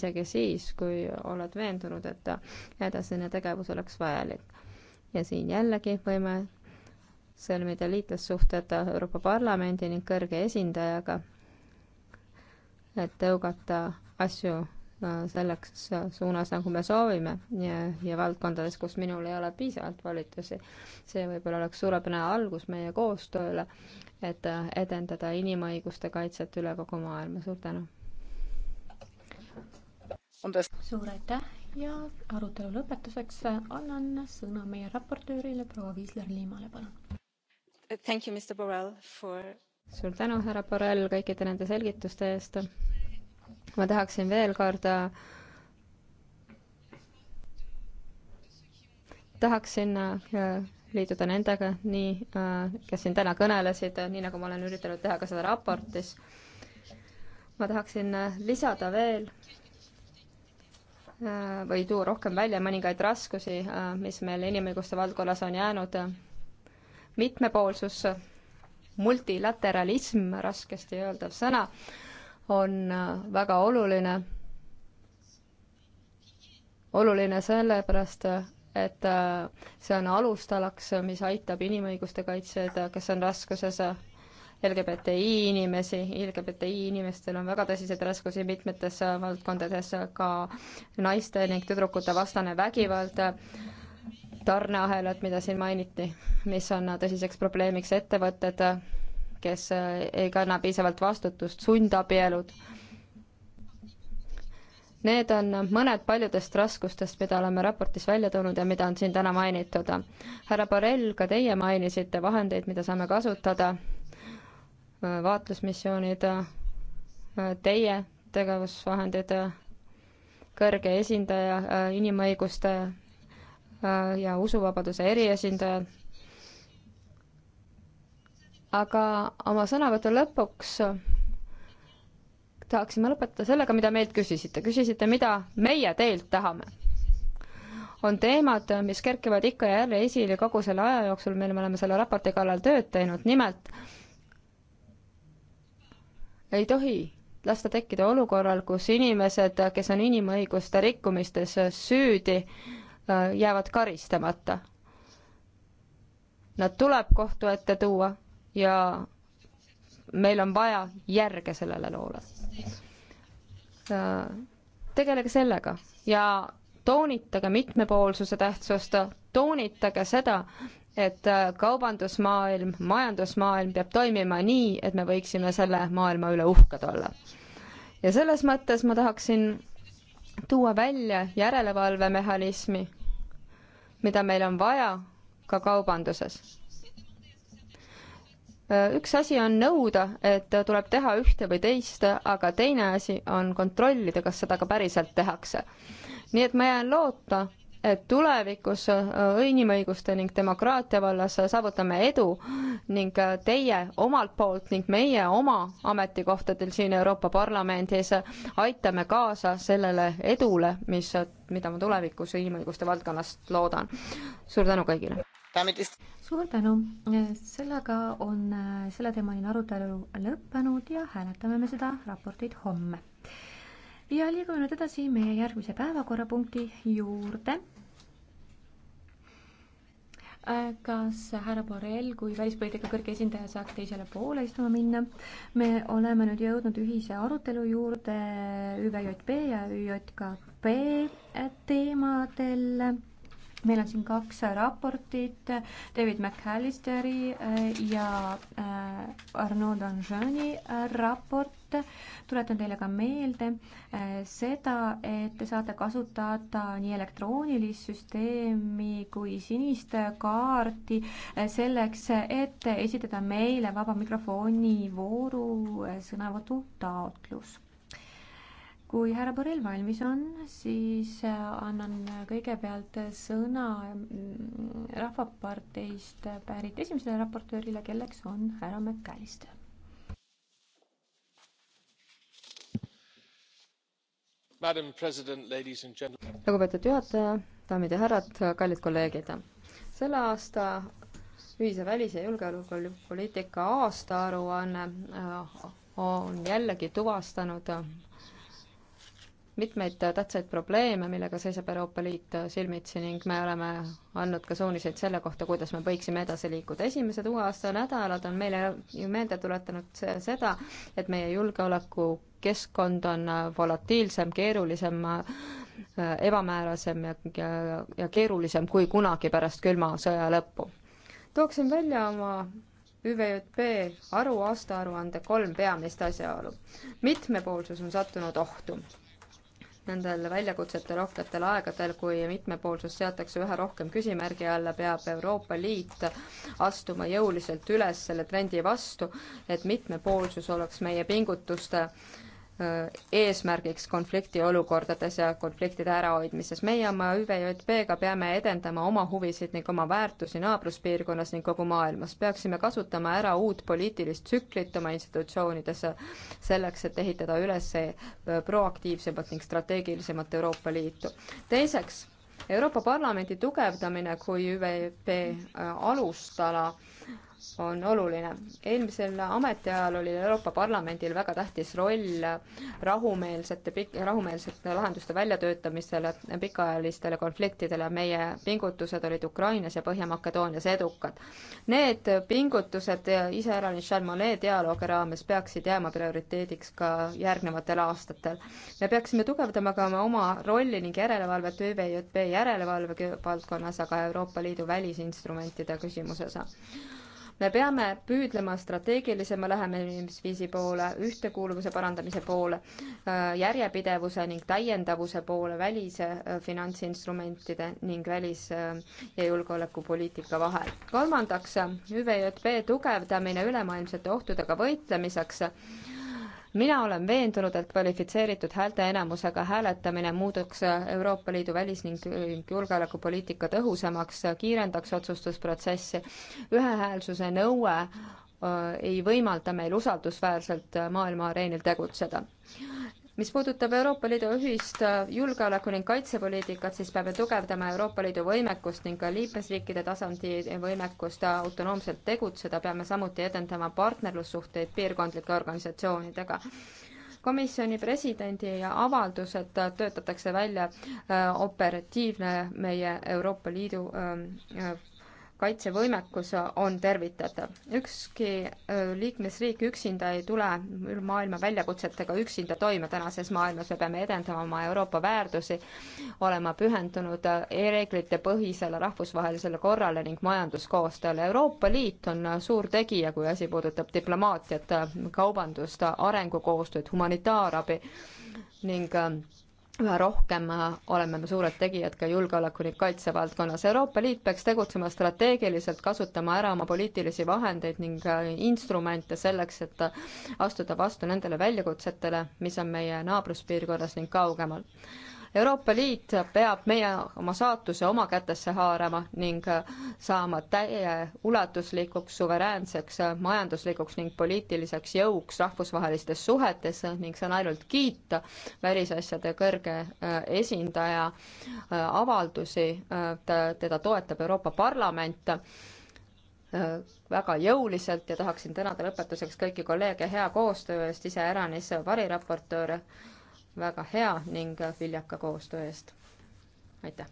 isegi siis, kui oled veendunud, et edasine tegevus oleks vajalik. ja siin jällegi võime sõlmida liitlassuhted Euroopa Parlamendi ning kõrge esindajaga, et tõugata asju äh, selleks suunas, nagu me soovime ja, ja valdkondades, kus minul ei ole piisavalt volitusi. see võib-olla oleks suurepärane algus meie koostööle, et äh, edendada inimõiguste kaitset üle kogu maailma. suur tänu! suur aitäh ja arutelu lõpetuseks annan sõna meie raportöörile proua Viisler-Liimale, palun. suur tänu, härra Borrell, kõikide nende selgituste eest. ma tahaksin veel kord tahaksin äh, liituda nendega, nii, äh, kes siin täna kõnelesid, nii nagu ma olen üritanud teha ka seda raportis. ma tahaksin äh, lisada veel, Äh, või tuua rohkem välja mõningaid raskusi, äh, mis meil inimõiguste valdkonnas on jäänud. mitmepoolsus, multilateralism, raskesti öeldav sõna, on äh, väga oluline. oluline sellepärast, et see on alustalaks, mis aitab inimõiguste kaitsjaid, kes on raskuses LGBTI inimesi, LGBTI inimestel on väga tõsiseid raskusi mitmetes äh, valdkondades, äh, ka naiste ning tüdrukute vastane vägivald, tarneahelad, mida siin mainiti, mis on äh, tõsiseks probleemiks ettevõtted, kes ei kanna piisavalt vastutust, sundabielud. Need on mõned paljudest raskustest, mida oleme raportis välja toonud ja mida on siin täna mainitud. härra Borrell, ka teie mainisite vahendeid, mida saame kasutada vaatlusmissioonid, teie tegevusvahendid, kõrge esindaja, inimõiguste ja usuvabaduse eriesindaja. aga oma sõnavõtu lõpuks tahaksime lõpetada sellega, mida meilt küsisite. küsisite, mida meie teilt tahame. on teemad, mis kerkivad ikka ja jälle esile kogu selle aja jooksul, mil me oleme selle raporti kallal tööd teinud, nimelt äh, ei tohi lasta tekkida olukorral, kus inimesed, kes on inimõiguste rikkumistes süüdi, äh, jäävad karistamata. Nad tuleb kohtu ette tuua ja meil on vaja järge sellele loole. Äh, tegelege sellega ja toonitage mitmepoolsuse tähtsust, toonitage seda, et äh, kaubandusmaailm, majandusmaailm peab toimima nii, et me võiksime selle maailma üle uhked olla. ja selles mõttes ma tahaksin tuua välja järelevalvemehhanismi, mida meil on vaja ka kaubanduses. Äh, üks asi on nõuda, et tuleb teha ühte või teist, aga teine asi on kontrollida, kas seda ka päriselt tehakse. nii et ma jään loota, et tulevikus äh, inimõiguste ning demokraatia vallas saavutame edu ning äh, teie omalt poolt ning meie oma ametikohtadel siin Euroopa Parlamendis aitame kaasa sellele edule, mis, mida ma tulevikus inimõiguste valdkonnast loodan. suur tänu kõigile! suur tänu, sellega on äh, selleteemaline arutelu lõppenud ja hääletame me seda raportit homme ja liigume nüüd edasi meie järgmise päevakorrapunkti juurde. Äh, kas härra Borrell kui välispoliitika kõrge esindaja saaks teisele poole istuma minna? me oleme nüüd jõudnud ühise arutelu juurde ÜVJP ja ÜJKP teemadel meil on siin kaks raportit David McAllisteri äh, ja äh, Arnaud Anjani raport poolt. tuletan teile ka meelde äh, seda, et te saate kasutada nii elektroonilist süsteemi kui sinist kaarti äh, selleks, et esitada meile vaba mikrofoni vooru äh, sõnavõtutaotlus kui härra Borrell valmis on, siis annan kõigepealt sõna mm, Rahvaparteist pärit esimesele raportöörile, kelleks on härra McAllister. lugupeetud juhataja, daamid ja härrad, kallid kolleegid. selle aasta ühise välis- ja julgeolekupoliitika aastaaruanne on, äh, on jällegi tuvastanud mitmeid tähtsaid probleeme, millega seisab Euroopa Liit silmitsi ning me oleme andnud ka suuniseid selle kohta, kuidas me võiksime edasi liikuda. esimesed uue aasta nädalad on meile ju meelde tuletanud seda, et meie julgeoleku keskkond on äh, volatiilsem, keerulisem, äh, ebamäärasem ja, ja, ja keerulisem kui kunagi pärast külma sõja lõppu. tooksin välja oma ÜVJP aru aastaaruande kolm peamist asjaolu. mitmepoolsus on sattunud ohtu. Nendel väljakutsetel rohketel aegadel, kui mitmepoolsus seatakse üha rohkem küsimärgi alla, peab Euroopa Liit astuma jõuliselt üles selle trendi vastu, et mitmepoolsus oleks meie pingutuste äh, Äh, eesmärgiks konfliktiolukordades ja konfliktide ärahoidmises. meie oma ÜVJP-ga peame edendama oma huvisid ning oma väärtusi naabruspiirkonnas ning kogu maailmas. peaksime kasutama ära uut poliitilist tsüklit oma institutsioonides selleks, et ehitada üles äh, proaktiivsemat ning strateegilisemat Euroopa Liitu. teiseks, Euroopa Parlamendi tugevdamine kui ÜVP äh, alustala on oluline. eelmisel ametiajal oli Euroopa Parlamendil väga tähtis roll rahumeelsete, rahumeelsete lahenduste väljatöötamisele pikaajalistele konfliktidele. meie pingutused olid Ukrainas ja Põhja-Makedoonias edukad. Need pingutused iseäranis Chalmonet dialoogi raames peaksid jääma prioriteediks ka järgnevatel aastatel. me peaksime tugevdama ka oma rolli ning järelevalvet ÜVJP järelevalve valdkonnas, aga Euroopa Liidu välisinstrumentide küsimuses me peame püüdlema strateegilisema lähenemisviisi poole, ühtekuuluvuse parandamise poole, äh, järjepidevuse ning täiendavuse poole välise äh, finantsinstrumentide ning välis- äh, ja julgeolekupoliitika vahel. kolmandaks, ÜVJP tugevdamine ülemaailmsete ohtudega võitlemiseks mina olen veendunud, et kvalifitseeritud häälteenamusega hääletamine muudaks Euroopa Liidu välis- ning julgeolekupoliitika tõhusamaks, kiirendaks otsustusprotsessi, ühehäälsuse nõue äh, ei võimalda meil usaldusväärselt äh, maailma areenil tegutseda mis puudutab Euroopa Liidu ühist äh, julgeoleku ning kaitsepoliitikat, siis peame tugevdama Euroopa Liidu võimekust ning ka liikmesriikide tasandi võimekust äh, autonoomselt tegutseda, peame samuti edendama partnerlussuhteid piirkondlike organisatsioonidega komisjoni presidendi avaldused äh, töötatakse välja operatiivne meie Euroopa Liidu ähm, kaitsevõimekus on tervitatav. ükski liikmesriik üksinda ei tule maailma väljakutsetega üksinda toime tänases maailmas, me peame edendama oma Euroopa väärtusi, olema pühendunud e-reeglite põhisele rahvusvahelisele korrale ning majanduskoostööle. Euroopa Liit on suur tegija, kui asi puudutab diplomaatiat, kaubandust, arengukoostööd, humanitaarabi ning üha rohkem äh, oleme me suured tegijad ka julgeoleku ning kaitse valdkonnas. Euroopa Liit peaks tegutsema strateegiliselt, kasutama ära oma poliitilisi vahendeid ning äh, instrumente selleks, et äh, astuda vastu nendele väljakutsetele, mis on meie naabruspiirkonnas ning kaugemal. Euroopa Liit peab meie oma saatuse oma kätesse haarama ning saama täie ulatuslikuks suveräänseks majanduslikuks ning poliitiliseks jõuks rahvusvahelistes suhetes ning saan ainult kiita välisasjade kõrge äh, esindaja äh, avaldusi, äh, teda toetab Euroopa Parlament väga jõuliselt ja tahaksin tänada lõpetuseks kõiki kolleege hea koostöö eest, iseäranis variraportööre väga hea ning viljaka koostöö eest. aitäh!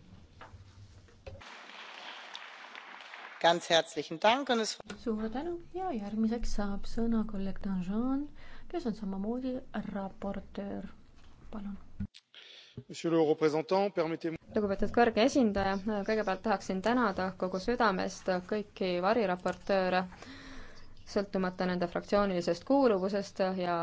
suur tänu ja järgmiseks saab sõna kolleeg Danjean, kes on samamoodi raportöör. palun. lugupeetud kõrge esindaja, kõigepealt tahaksin tänada kogu südamest kõiki variraportööre, sõltumata nende fraktsioonilisest kuuluvusest ja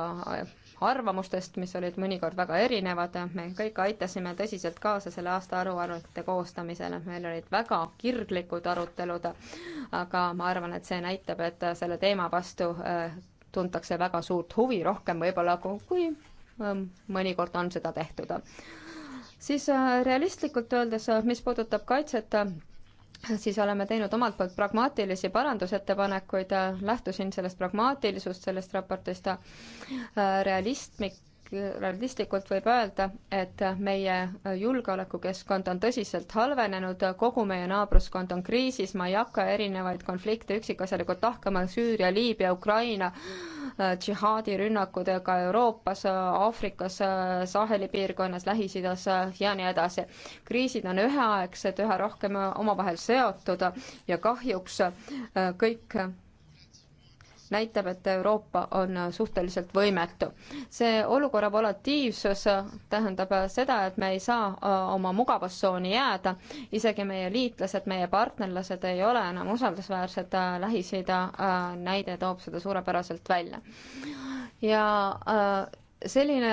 arvamustest, mis olid mõnikord väga erinevad, me kõik aitasime tõsiselt kaasa selle aasta aruannete koostamisele, meil olid väga kirglikud arutelud, aga ma arvan, et see näitab, et selle teema vastu äh, tuntakse väga suurt huvi, rohkem võib-olla kui ähm, mõnikord on seda tehtud. siis äh, realistlikult öeldes, mis puudutab kaitset, siis oleme teinud omalt poolt pragmaatilisi parandusettepanekuid, lähtusin sellest pragmaatilisust, sellest raportist, äh, realistlik realistlikult võib öelda, et meie julgeolekukeskkond on tõsiselt halvenenud, kogu meie naabruskond on kriisis, ma ei hakka erinevaid konflikte üksikasjalikult lahkama, Süüria, Liibüa, Ukraina, džihaadirünnakud ka Euroopas, Aafrikas, Saheli piirkonnas, Lähis-Idas ja nii edasi. kriisid on üheaegsed, üha rohkem omavahel seotud ja kahjuks kõik näitab, et Euroopa on suhteliselt võimetu. see olukorra volatiivsus tähendab seda, et me ei saa äh, oma mugavustsooni jääda, isegi meie liitlased, meie partnerlased ei ole enam usaldusväärsed, äh, Lähis-Ida äh, näide toob seda suurepäraselt välja. ja selline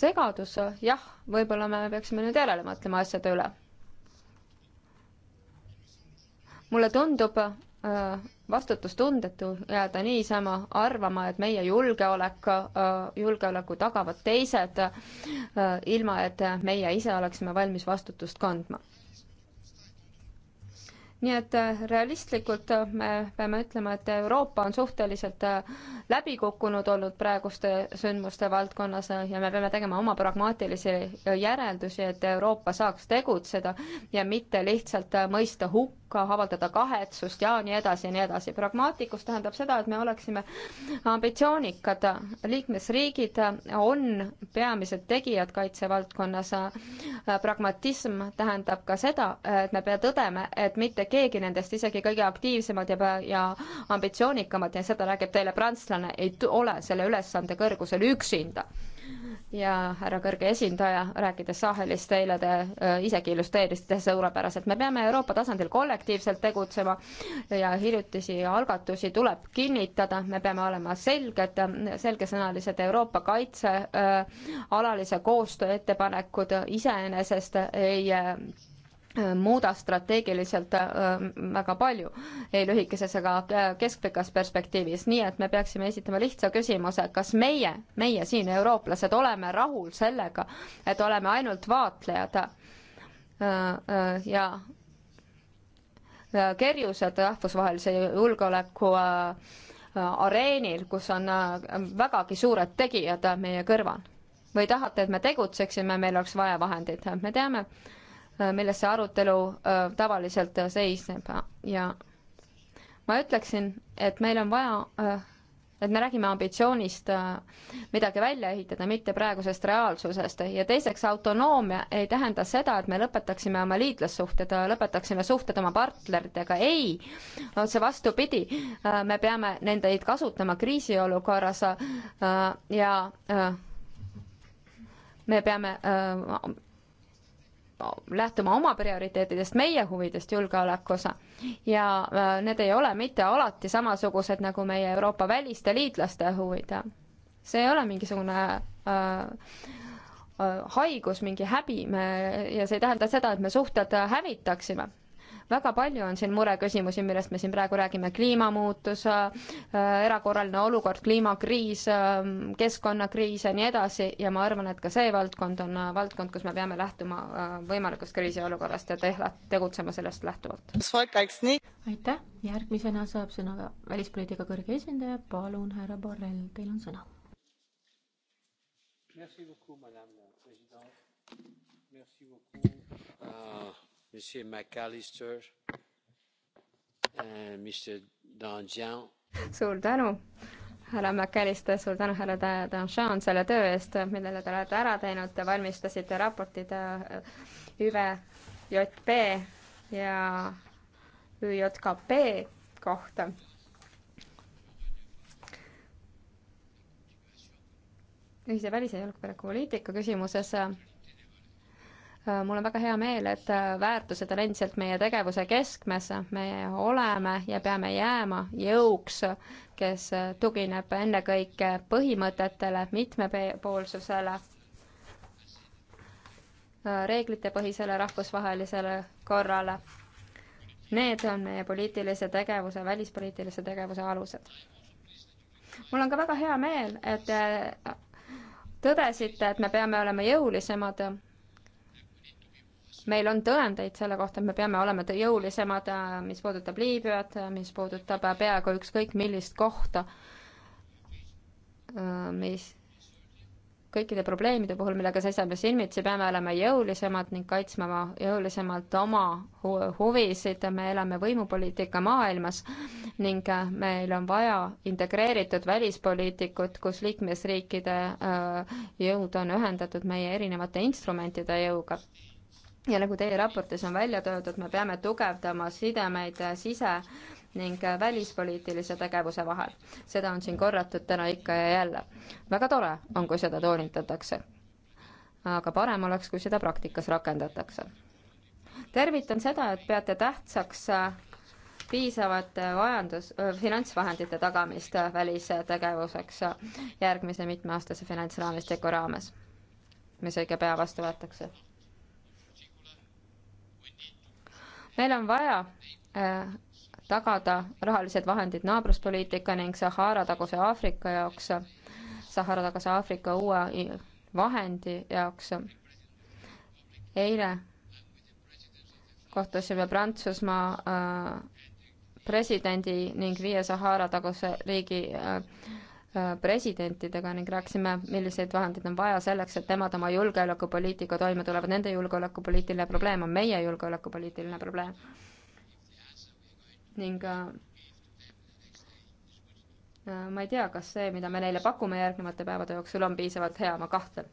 segadus, jah, võib-olla me peaksime nüüd järele mõtlema asjade üle. mulle tundub, Äh, vastutustundetu jääda niisama arvama, et meie julgeolek, äh, julgeoleku tagavad teised, äh, ilma et meie ise oleksime valmis vastutust kandma nii et äh, realistlikult äh, me peame ütlema, et Euroopa on suhteliselt äh, läbi kukkunud olnud praeguste sündmuste valdkonnas ja me peame tegema oma pragmaatilisi järeldusi, et Euroopa saaks tegutseda ja mitte lihtsalt mõista hukka, avaldada kahetsust ja nii edasi ja nii edasi. pragmaatikus tähendab seda, et me oleksime ambitsioonikad. liikmesriigid on peamised tegijad kaitsevaldkonnas. pragmatism tähendab ka seda, et me pea tõdema, et mitte mitte keegi nendest, isegi kõige aktiivsemad ja, ja ambitsioonikamad ja seda räägib teile prantslane, ei ole selle ülesande kõrgusel üksinda ja härra kõrge esindaja, rääkides Sahelist, eile te äh, isegi illustreerisite suurepäraselt, me peame Euroopa tasandil kollektiivselt tegutsema ja hiljutisi algatusi tuleb kinnitada, me peame olema selged, selgesõnalised Euroopa kaitse äh, alalise koostöö ettepanekud iseenesest ei äh, muuda strateegiliselt äh, väga palju ei lühikeses ega äh, keskpikas perspektiivis, nii et me peaksime esitama lihtsa küsimuse, kas meie, meie siin, eurooplased, oleme rahul sellega, et oleme ainult vaatlejad äh, ja kerjused rahvusvahelise julgeoleku areenil, kus on vägagi suured tegijad meie kõrval. või tahate, et me tegutseksime, meil oleks vaja vahendeid, me teame, Äh, milles see arutelu äh, tavaliselt äh, seisneb ja ma ütleksin, et meil on vaja, et me räägime ambitsioonist midagi välja ehitada, mitte praegusest reaalsusest ja teiseks, autonoomia ei tähenda seda, et me lõpetaksime oma liitlassuhted, lõpetaksime suhted oma partneritega, ei, otse vastupidi, me peame nendeid kasutama kriisiolukorras ja me peame lähtuma oma prioriteetidest, meie huvidest julgeolekus. ja äh, need ei ole mitte alati samasugused nagu meie Euroopa väliste liitlaste huvid. see ei ole mingisugune äh, äh haigus, mingi häbi, me, ja see ei tähenda seda, et me suhted hävitaksime väga palju on siin mureküsimusi, millest me siin praegu räägime, kliimamuutus, äh, äh, erakorraline olukord, kliimakriis, äh, keskkonnakriis ja nii edasi ja ma arvan, et ka see valdkond on valdkond, kus me peame lähtuma võimalikust kriisiolukorrast ja te-, tegutsema sellest lähtuvalt. aitäh, järgmisena saab sõna välispoliitika kõrge esindaja, palun, härra Borrell, teil on sõna Merci beaucoup, Madame la Présidente. Merci beaucoup. Uh, Monsieur McAllister äh,, Mr Danjean. suur tänu, härra McAllister, suur tänu, härra Danjean selle töö eest, millele te olete ära teinud, te valmistasite raportid äh, ÜVJP ja ÜJKP kohta ühise välis- ja julgeolekupoliitika küsimuses äh, mul on väga hea meel, et äh, väärtused on endiselt meie tegevuse keskmes, me oleme ja peame jääma jõuks, kes äh, tugineb ennekõike põhimõtetele, mitmepoolsusele, äh, reeglitepõhisele rahvusvahelisele korrale. Need on meie poliitilise tegevuse, välispoliitilise tegevuse alused. mul on ka väga hea meel, et tõdesite, et me peame olema jõulisemad meil on tõendeid selle kohta, et me peame olema jõulisemad, äh, mis puudutab Liibüat, äh, mis puudutab äh, peaaegu ükskõik millist kohta, mis kõikide probleemide puhul, millega seisame silmitsi, peame olema jõulisemad ning kaitsma jõulisemalt oma hu huvisid. me elame võimupoliitika maailmas ning meil on vaja integreeritud välispoliitikut, kus liikmesriikide jõud on ühendatud meie erinevate instrumentide jõuga ja nagu teie raportis on välja toodud, me peame tugevdama sidemeid sise- ning välispoliitilise tegevuse vahel. seda on siin korratud täna ikka ja jälle. väga tore on, kui seda toonitatakse. aga parem oleks, kui seda praktikas rakendatakse. tervitan seda, et peate tähtsaks piisavate majandus, finantsvahendite tagamist välistegevuseks järgmise mitmeaastase finantsraamistiku raames, mis õige pea vastu võetakse meil on vaja äh, tagada rahalised vahendid naabruspoliitika ning Sahara taguse Aafrika jaoks, Sahara taguse Aafrika uue vahendi jaoks. eile kohtusime Prantsusmaa äh, presidendi ning viie Sahara taguse riigi äh, Äh, presidentidega ning rääkisime, milliseid vahendeid on vaja selleks, et nemad oma julgeolekupoliitika toime tulevad, nende julgeolekupoliitiline probleem on meie julgeolekupoliitiline probleem. ning äh, äh, ma ei tea, kas see, mida me neile pakume järgnevate päevade jooksul, on piisavalt hea, ma kahtlen.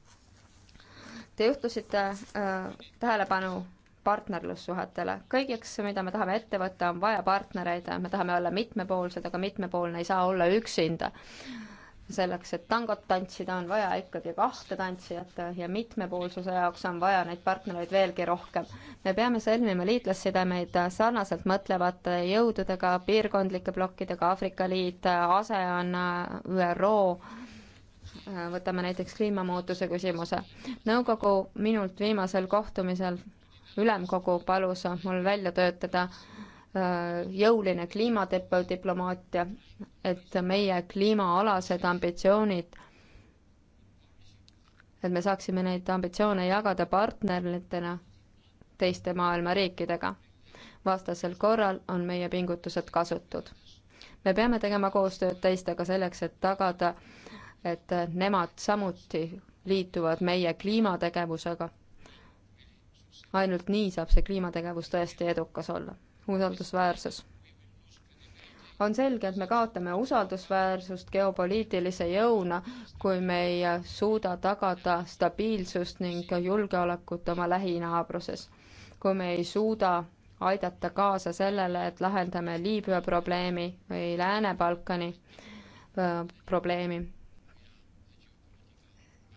Te juhtusite äh, tähelepanu partnerlussuhetele. kõigeks, mida me tahame ette võtta, on vaja partnereid, me tahame olla mitmepoolsed, aga mitmepoolne ei saa olla üksinda. selleks, et tangot tantsida, on vaja ikkagi kahte tantsijat ja mitmepoolsuse jaoks on vaja neid partnereid veelgi rohkem. me peame sõlmima liitlassidemeid sarnaselt mõtlevate jõududega, piirkondlike plokkidega, Aafrika Liit, ASEAN, ÜRO, võtame näiteks kliimamuutuse küsimuse. nõukogu minult viimasel kohtumisel ülemkogu palus mul välja töötada äh, jõuline kliimadiplomaatia, et meie kliimaalased ambitsioonid, et me saaksime neid ambitsioone jagada partneritena teiste maailma riikidega. vastasel korral on meie pingutused kasutud. me peame tegema koostööd teistega selleks, et tagada, et nemad samuti liituvad meie kliimategevusega ainult nii saab see kliimategevus tõesti edukas olla. usaldusväärsus. on selge, et me kaotame usaldusväärsust geopoliitilise jõuna, kui me ei suuda tagada stabiilsust ning julgeolekut oma lähinaabruses. kui me ei suuda aidata kaasa sellele, et lahendame Liibüa probleemi või Lääne-Balkani äh, probleemi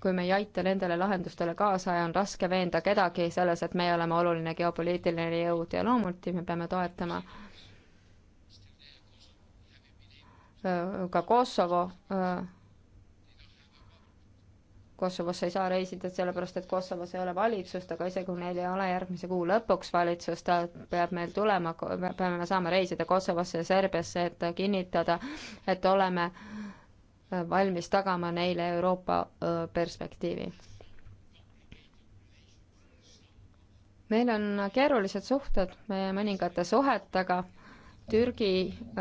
kui me ei aita nendele lahendustele kaasa ja on raske veenda kedagi selles, et meie oleme oluline geopoliitiline jõud ja loomulikult me peame toetama äh, ka Kosovo. Äh, Kosovosse ei saa reisida, sellepärast et Kosovos ei ole valitsust, aga isegi kui neil ei ole järgmise kuu lõpuks valitsust, äh, peab meil tulema, peame me saama reisida Kosovosse ja Serbiasse, et kinnitada, et oleme äh, Äh, valmis tagama neile Euroopa äh, perspektiivi. meil on keerulised suhted meie mõningate suhetega, Türgi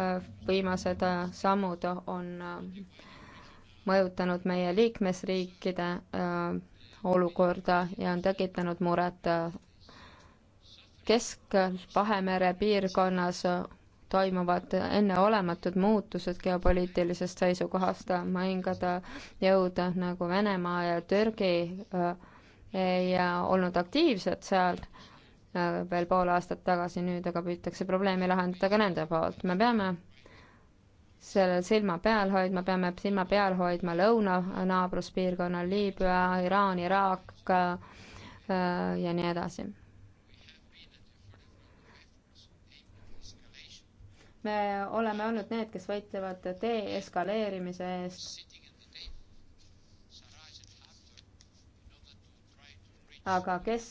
äh, viimased sammud on mõjutanud meie liikmesriikide olukorda ja on tekitanud muret Kesk-Vahemere piirkonnas toimuvad enneolematud muutused geopoliitilisest seisukohast, mõningad jõud nagu Venemaa ja Türgi äh, ei äh, olnud aktiivsed seal äh, veel pool aastat tagasi, nüüd aga püütakse probleemi lahendada ka nende poolt. me peame sellel silma peal hoidma, peame silma peal hoidma lõuna naabruspiirkonnal Liibüa, Iraan, Iraak ja nii edasi me oleme olnud need, kes võitlevad deeskaleerimise eest. aga kes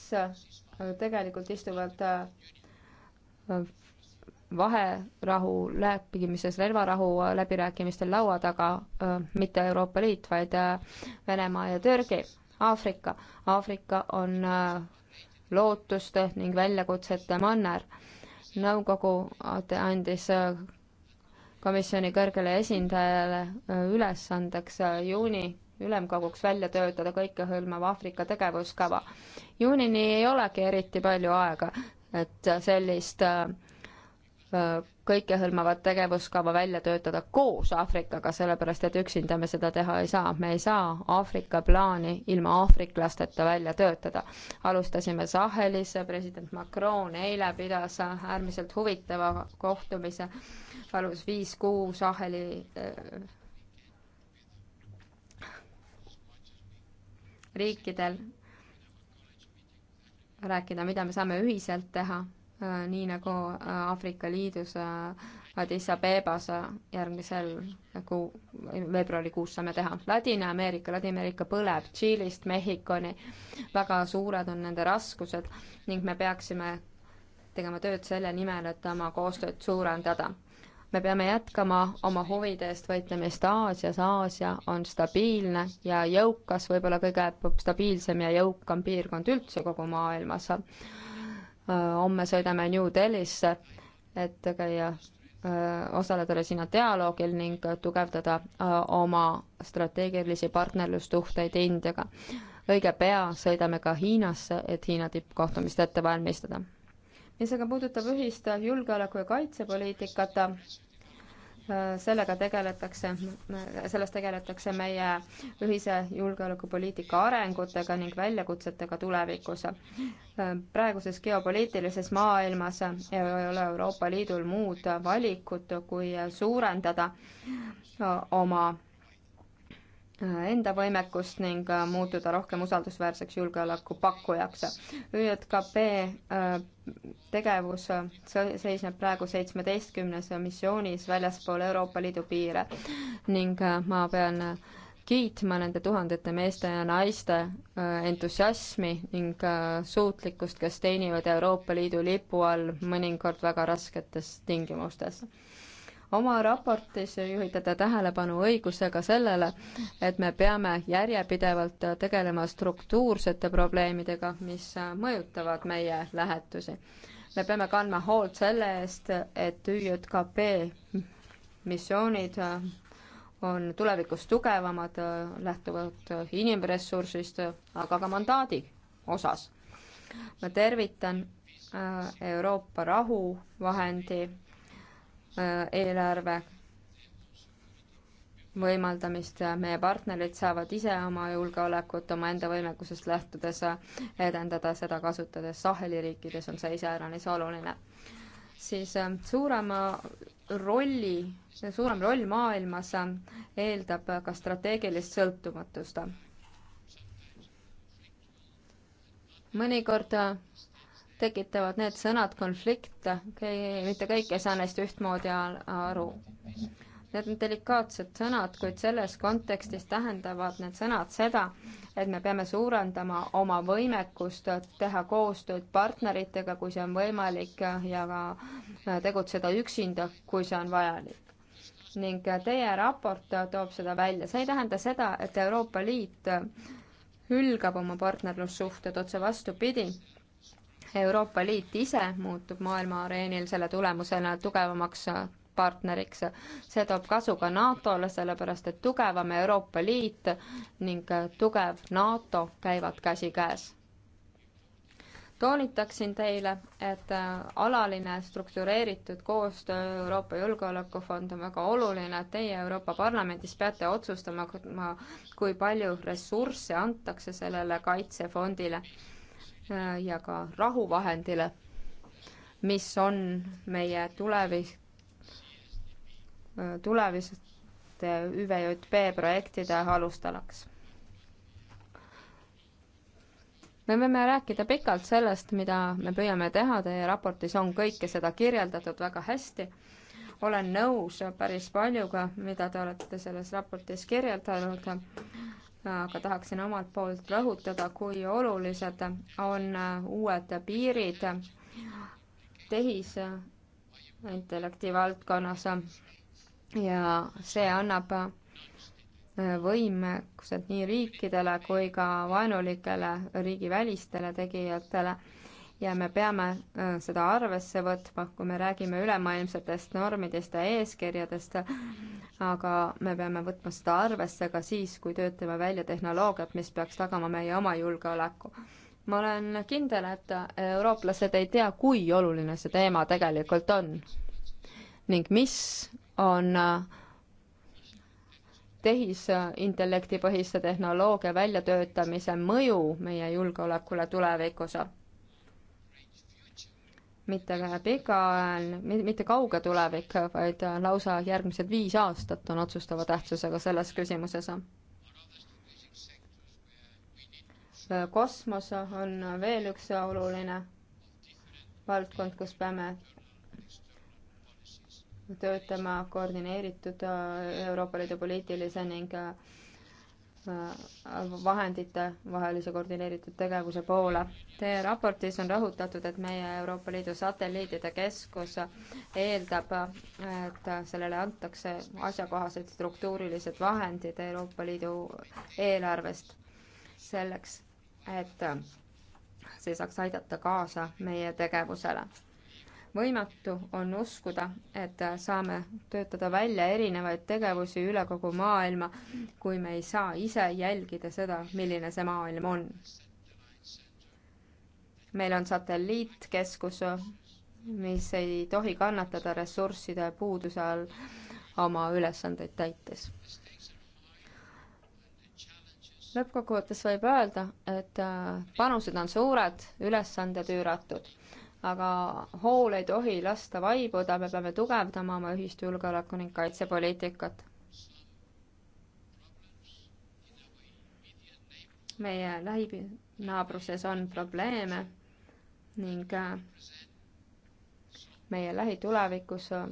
tegelikult istuvad äh, vaherahu läbimises, relvarahu läbirääkimistel laua taga, äh, mitte Euroopa Liit, vaid äh, Venemaa ja Türgi, Aafrika. Aafrika on lootuste ning väljakutsete manner nõukogu andis äh, komisjoni kõrgele esindajale äh, ülesandeks äh, juuni ülemkoguks välja töötada kõikehõlmav Aafrika tegevuskava. juunini ei olegi eriti palju aega, et sellist kõikehõlmavat tegevuskava välja töötada koos Aafrikaga, sellepärast et üksinda me seda teha ei saa. me ei saa Aafrika plaani ilma aafriklasteta välja töötada. alustasime Sahelis, president Macron eile pidas äärmiselt huvitava kohtumise, palus viis kuu Saheli äh, riikidel rääkida, mida me saame ühiselt teha Äh, nii nagu äh, Aafrika Liidus äh, Addis Abebas järgmisel kuu, veebruarikuus saame teha. Ladina-Ameerika, Ladina-Ameerika põleb Tšiilist Mehhikoni, väga suured on nende raskused ning me peaksime tegema tööd selle nimel, et oma koostööd suurendada. me peame jätkama oma huvide eest võitlemist Aasias, Aasia on stabiilne ja jõukas, võib-olla kõige stabiilsem ja jõukam piirkond üldse kogu maailmas homme sõidame New Delhisse, et käia, äh, osaleda sinna dialoogil ning tugevdada äh, oma strateegilisi partnerlussuhteid Indiaga. õige pea sõidame ka Hiinasse, et Hiina tippkohtumist ette valmistada mis aga puudutab ühist julgeoleku- ja kaitsepoliitikat, sellega tegeletakse, selles tegeletakse meie ühise julgeolekupoliitika arengutega ning väljakutsetega tulevikus. praeguses geopoliitilises maailmas ei ole Euroopa Liidul muud valikut, kui suurendada oma Äh, enda võimekust ning äh, muutuda rohkem usaldusväärseks julgeolekupakkujaks. ÜJKP äh, tegevus seisneb praegu seitsmeteistkümnes missioonis väljaspool Euroopa Liidu piire ning ma pean kiitma nende tuhandete meeste ja naiste entusiasmi ning suutlikkust, kes teenivad Euroopa Liidu lipu all mõnikord väga rasketes tingimustes oma raportis juhite te tähelepanu õigusega sellele, et me peame järjepidevalt tegelema struktuursete probleemidega, mis mõjutavad meie lähetusi. me peame kandma hoolt selle eest, et ÜJKP missioonid on tulevikus tugevamad, lähtuvalt inimressursist, aga ka mandaadi osas. ma tervitan äh, Euroopa rahuvahendi Äh, eelarve võimaldamist, meie partnerid saavad ise oma julgeolekut omaenda võimekusest lähtudes edendada, seda kasutades Saheli riikides on see iseäranis oluline. siis äh, suurema rolli, suurem roll maailmas eeldab ka strateegilist sõltumatust. mõnikord tekitavad need sõnad konflikte, mitte kõik ei saa neist ühtmoodi aru. Need on delikaatsed sõnad, kuid selles kontekstis tähendavad need sõnad seda, et me peame suurendama oma võimekust teha koostööd partneritega, kui see on võimalik, ja ka tegutseda üksinda, kui see on vajalik. ning teie raport toob seda välja, see ei tähenda seda, et Euroopa Liit hülgab oma partnerlussuhted, otse vastupidi Euroopa Liit ise muutub maailma areenil selle tulemusena tugevamaks partneriks. see toob kasu ka NATO-le, sellepärast et tugevam Euroopa Liit ning tugev NATO käivad käsikäes. toonitaksin teile, et alaline struktureeritud koostöö Euroopa Julgeolekufond on väga oluline, et teie Euroopa Parlamendis peate otsustama, kui palju ressursse antakse sellele kaitsefondile Äh, ja ka rahuvahendile, mis on meie tulevi-, äh, tuleviste ÜVJP projektide alustalaks me võime rääkida pikalt sellest, mida me püüame teha, teie raportis on kõike seda kirjeldatud väga hästi. olen nõus päris paljuga, mida te olete selles raportis kirjeldanud aga tahaksin omalt poolt rõhutada, kui olulised on äh, uued piirid tehisintellekti valdkonnas ja see annab äh, võimekused nii riikidele kui ka vaenulikele riigivälistele tegijatele ja me peame äh, seda arvesse võtma, kui me räägime ülemaailmsetest normidest ja eeskirjadest, aga me peame võtma seda arvesse ka siis, kui töötame välja tehnoloogiat, mis peaks tagama meie oma julgeoleku. ma olen kindel, et eurooplased ei tea, kui oluline see teema tegelikult on ning mis on äh, tehisintellekti põhise tehnoloogia väljatöötamise mõju meie julgeolekule tulevikus mitte pikaajaline, mitte kauge tulevik, vaid lausa järgmised viis aastat on otsustava tähtsusega selles küsimuses. kosmos on veel üks oluline valdkond, kus peame töötama koordineeritud Euroopa Liidu poliitilise ning vahendite vahelise koordineeritud tegevuse poole. Teie raportis on rõhutatud, et meie Euroopa Liidu satelliidide keskus eeldab, et sellele antakse asjakohased struktuurilised vahendid Euroopa Liidu eelarvest selleks, et see saaks aidata kaasa meie tegevusele võimatu on uskuda, et saame töötada välja erinevaid tegevusi üle kogu maailma, kui me ei saa ise jälgida seda, milline see maailm on. meil on satelliitkeskus, mis ei tohi kannatada ressursside puuduse all oma ülesandeid täites. lõppkokkuvõttes võib öelda, et panused on suured, ülesanded üüratud aga hool ei tohi lasta vaibuda, me peame tugevdama oma ühist julgeoleku ning kaitsepoliitikat. meie lähinaabruses on probleeme ning äh, meie lähitulevikus äh,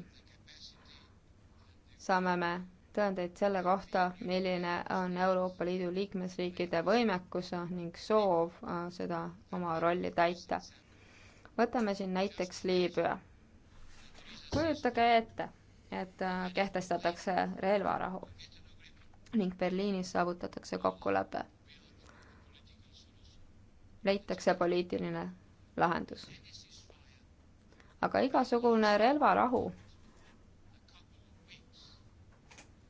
saame me tõendeid selle kohta, milline on Euroopa Liidu liikmesriikide võimekus ning soov äh, seda oma rolli täita võtame siin näiteks Liibüa. kujutage ette, et äh, kehtestatakse relvarahu ning Berliinis saavutatakse kokkulepe. leitakse poliitiline lahendus. aga igasugune relvarahu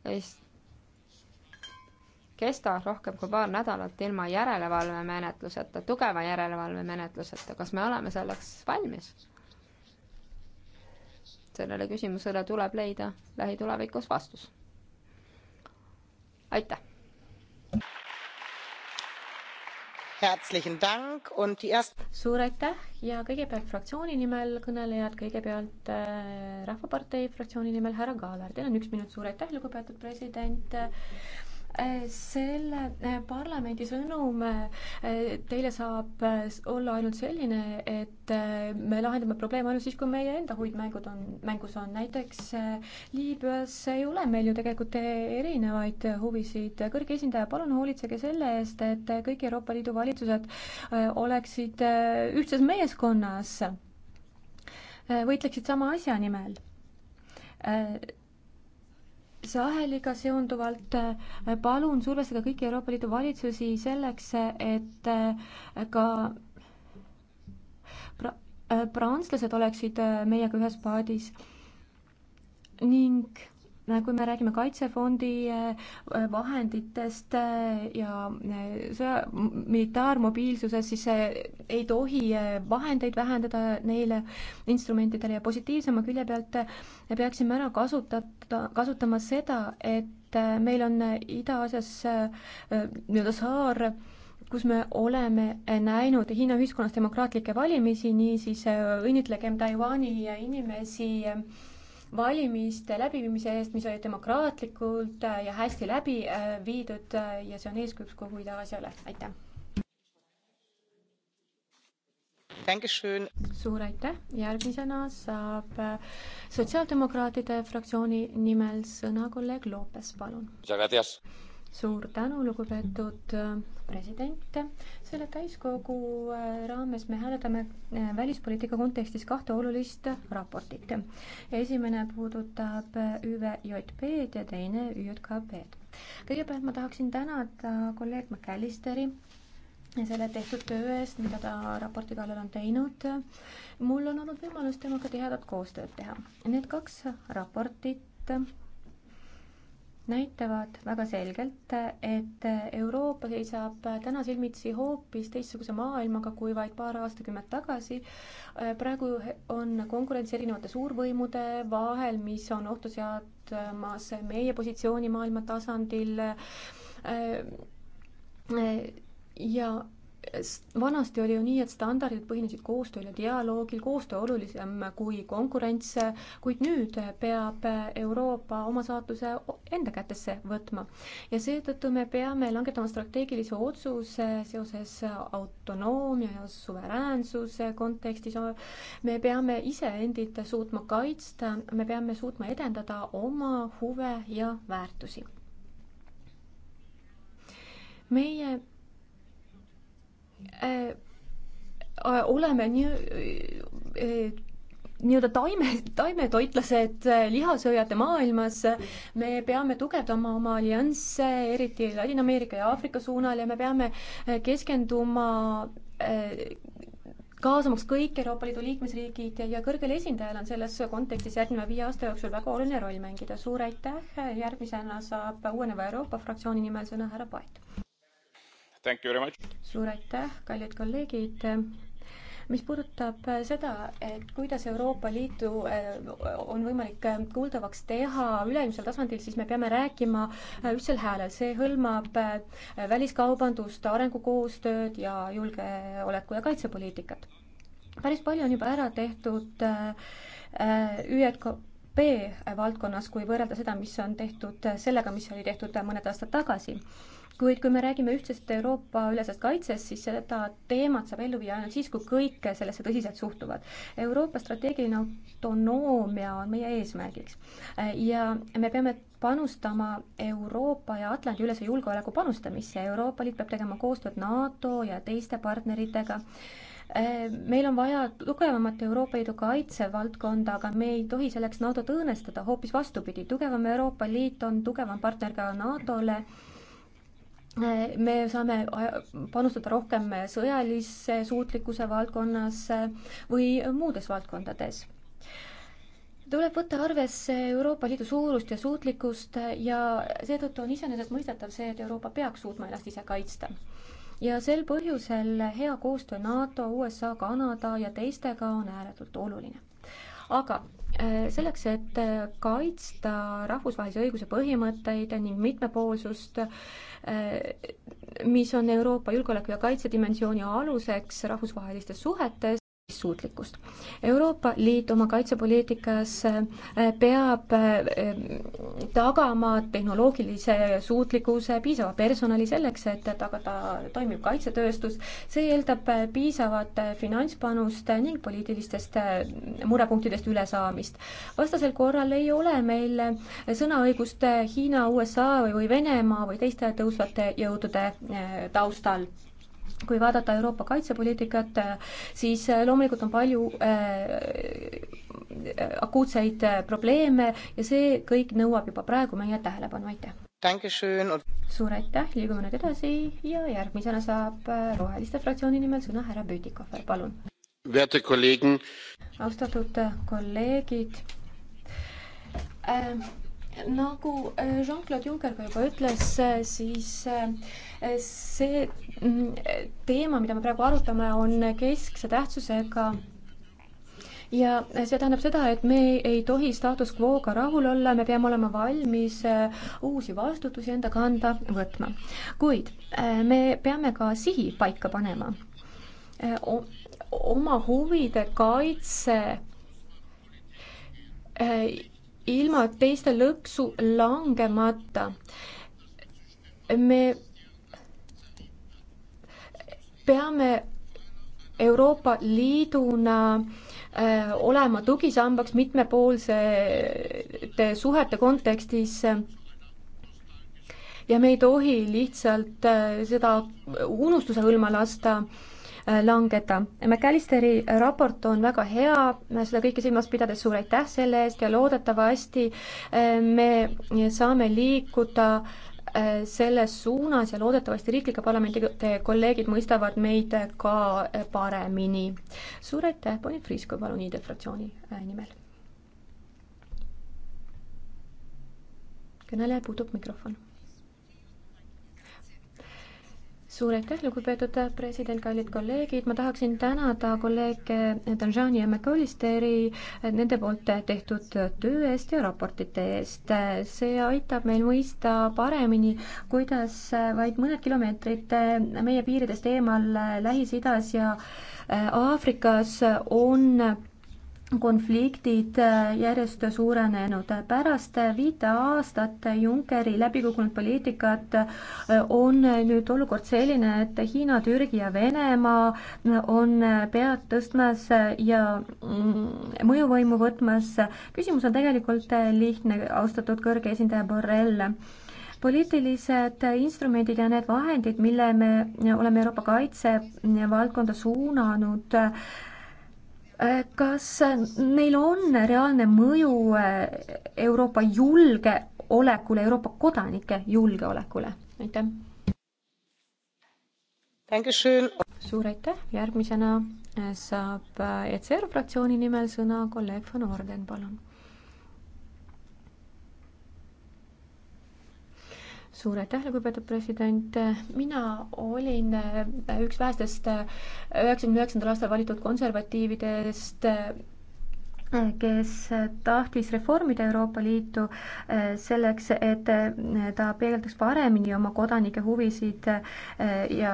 ei kesta rohkem kui paar nädalat ilma järelevalvemenetluseta, tugeva järelevalvemenetluseta, kas me oleme selleks valmis? sellele küsimusele tuleb leida lähitulevikus vastus. aitäh! suur aitäh ja kõigepealt fraktsiooni nimel kõnelejad, kõigepealt äh, Rahvapartei fraktsiooni nimel härra Kaaler, teil on üks minut, suur aitäh, lugupeetud president selle eh, parlamendi sõnum eh, teile saab eh, olla ainult selline, et me lahendame probleeme ainult siis, kui meie enda huvid mängud on, mängus on. näiteks Liibüas ei ole meil ju tegelikult erinevaid huvisid. kõrge esindaja, palun hoolitsege selle eest, et kõik Euroopa Liidu valitsused oleksid ühtses meeskonnas, võitleksid sama asja nimel Saheliga seonduvalt äh, palun survestada kõiki Euroopa Liidu valitsusi selleks, et äh, ka pra-, äh, prantslased oleksid meiega ühes paadis ning Äh, kui me räägime Kaitsefondi äh, vahenditest äh, ja sõja, militaarmobiilsusest, siis ei tohi vahendeid vähendada neile instrumentidele ja positiivsema külje pealt me peaksime ära kasutada, kasutama seda, et meil on Ida-Aasias nii-öelda saar, kus me oleme näinud Hiina ühiskonnas demokraatlikke valimisi, niisiis õnnitlegem Taiwan'i inimesi valimiste läbiviimise eest, mis olid demokraatlikult äh, ja hästi läbi äh, viidud äh, ja see on eeskujuks kogu Ida-Aasiale, aitäh. suur aitäh, järgmisena saab sotsiaaldemokraatide fraktsiooni nimel sõna kolleeg Lopes, palun suur tänu, lugupeetud äh, president. selle täiskogu äh, raames me hääletame äh, välispoliitika kontekstis kahte olulist raportit. esimene puudutab ÜVJP-d ja teine ÜJKP-d. kõigepealt ma tahaksin tänada kolleeg McAllisteri ja selle tehtud töö eest, mida ta raporti kallal on teinud. mul on olnud võimalus temaga tihedat koostööd teha. Need kaks raportit näitavad väga selgelt, et Euroopa seisab täna silmitsi hoopis teistsuguse maailmaga kui vaid paar aastakümmet tagasi. praegu on konkurents erinevate suurvõimude vahel, mis on ohtu seadmas meie positsiooni maailma tasandil. ja vanasti oli ju nii, et standardid põhinesid koostööl ja dialoogil, koostöö olulisem kui konkurents, kuid nüüd peab Euroopa oma saatuse enda kätesse võtma. ja seetõttu me peame langetama strateegilise otsuse seoses autonoomia ja suveräänsuse kontekstis. me peame iseendid suutma kaitsta, me peame suutma edendada oma huve ja väärtusi. meie Äh, äh, oleme nii äh, nii-öelda taime, taimetoitlased lihasööjate maailmas, me peame tugevdama oma allianse, eriti Ladina-Ameerika ja Aafrika suunal ja me peame keskenduma kaasamaks kõik Euroopa Liidu liikmesriigid ja kõrgel esindajal on selles kontekstis järgneva viie aasta jooksul väga oluline roll mängida. suur aitäh, järgmisena saab Uueneva Euroopa fraktsiooni nimel sõna härra Paet suur aitäh, kallid kolleegid mis puudutab seda, et kuidas Euroopa Liitu äh, on võimalik äh, kuuldavaks teha üleilmsel tasandil, siis me peame rääkima äh, ühtsel häälel, see hõlmab väliskaubandust, arengukoostööd ja julgeoleku- ja kaitsepoliitikat. päris palju on juba ära tehtud ÜRK B valdkonnas, kui võrrelda seda, mis on tehtud sellega, mis oli tehtud mõned aastad tagasi kuid kui me räägime ühtsest Euroopa-ülesest kaitsest, siis seda teemat saab ellu viia ainult siis, kui kõik sellesse tõsiselt suhtuvad. Euroopa strateegiline autonoomia on meie eesmärgiks ja me peame panustama Euroopa ja Atlandi ülese julgeoleku panustamisse. Euroopa Liit peab tegema koostööd NATO ja teiste partneritega meil on vaja tugevamat Euroopa Liidu kaitsevaldkonda, aga me ei tohi selleks NATO-t õõnestada, hoopis vastupidi, tugevam Euroopa Liit on tugevam partner ka NATO-le me saame panustada rohkem sõjalisse suutlikkuse valdkonnas või muudes valdkondades. tuleb võtta arvesse Euroopa Liidu suurust ja suutlikkust ja seetõttu on iseenesestmõistetav see, et Euroopa peaks suutma ennast ise kaitsta ja sel põhjusel hea koostöö NATO, USA, Kanada ja teistega on ääretult oluline. aga Äh, selleks, et äh, kaitsta rahvusvahelise õiguse põhimõtteid ning mitmepoolsust, äh, mis on Euroopa julgeoleku ja kaitse dimensiooni aluseks rahvusvahelistes suhetes, suutlikkust. Euroopa Liit oma kaitsepoliitikas äh, peab äh, tagama tehnoloogilise suutlikkuse, piisava personali selleks, et tagada toimiv kaitsetööstus, see eeldab äh, piisavat finantspanust ning poliitilistest murepunktidest ülesaamist. vastasel korral ei ole meil sõnaõigust Hiina, USA või Venemaa või teiste tõusvate jõudude taustal kui vaadata Euroopa kaitsepoliitikat, siis äh, loomulikult on palju äh, akuutseid äh, probleeme ja see kõik nõuab juba praegu meie tähelepanu, aitäh! suur aitäh, liigume nüüd edasi ja järgmisena saab äh, Roheliste fraktsiooni nimel sõna härra Bütikofer, palun! austatud kolleegid äh,, nagu äh, Jean-Claude Juncker ka juba ütles, äh, siis äh, see mm, teema, mida me praegu arutame, on keskse tähtsusega ja see tähendab seda, et me ei tohi status quo'ga rahul olla, me peame olema valmis uusi vastutusi enda kanda võtma. kuid me peame ka sihi paika panema. oma huvide kaitse ilma teiste lõksu langemata. me peame Euroopa Liiduna äh, olema tugisambaks mitmepoolsete suhete kontekstis ja me ei tohi lihtsalt äh, seda unustuse hõlma lasta Äh, langeta. McAllisteri raport on väga hea, seda kõike silmas pidades suur aitäh selle eest ja loodetavasti äh, me saame liikuda äh, selles suunas ja loodetavasti riiklike parlamentide kolleegid mõistavad meid ka paremini. suur aitäh, Bonnie Frisco, palun ID fraktsiooni nimel. kõneleja puudub mikrofon suur aitäh, lugupeetud president, kallid kolleegid, ma tahaksin tänada kolleege Danjani ja McAllisteri nende poolt tehtud töö eest ja raportite eest. see aitab meil mõista paremini, kuidas vaid mõned kilomeetrid meie piiridest eemal Lähis-Idas ja Aafrikas on konfliktid äh, järjest suurenenud. pärast viite aastat Junckeri läbikukkunud poliitikat äh, on nüüd olukord selline, et Hiina, Türgi ja Venemaa äh, on pead tõstmas ja mm, mõjuvõimu võtmas. küsimus on tegelikult lihtne, austatud kõrge esindaja Borrell poliitilised instrumendid ja need vahendid, mille me oleme Euroopa kaitse valdkonda suunanud äh,, Äh, kas äh, neil on reaalne mõju äh, Euroopa julgeolekule, Euroopa kodanike julgeolekule? aitäh. suur aitäh, järgmisena saab ECR fraktsiooni nimel sõna kolleeg von Orden, palun suur aitäh, lugupeetud president, mina olin äh, üks vähestest äh, üheksakümne üheksandal aastal valitud konservatiividest, äh, kes tahtis reformida Euroopa Liitu selleks, et ta peegeldaks paremini oma kodanike huvisid ja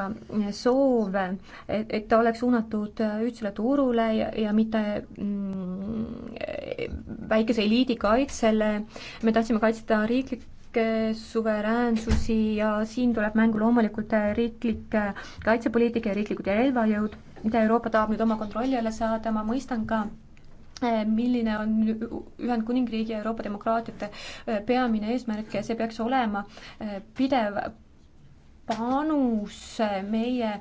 soove, et, et ta oleks suunatud ühtsele turule ja, ja mitte mm, väikese eliidi kaitsele, me tahtsime kaitsta riiklikku riike, suveräänsusi ja siin tuleb mängu loomulikult riiklik kaitsepoliitika ja riiklikud relvajõud, mida Euroopa tahab nüüd oma kontrolli alla saada, ma mõistan ka, milline on Ühendkuningriigi ja Euroopa demokraatiate äh, peamine eesmärk ja see peaks olema äh, pidev panus meie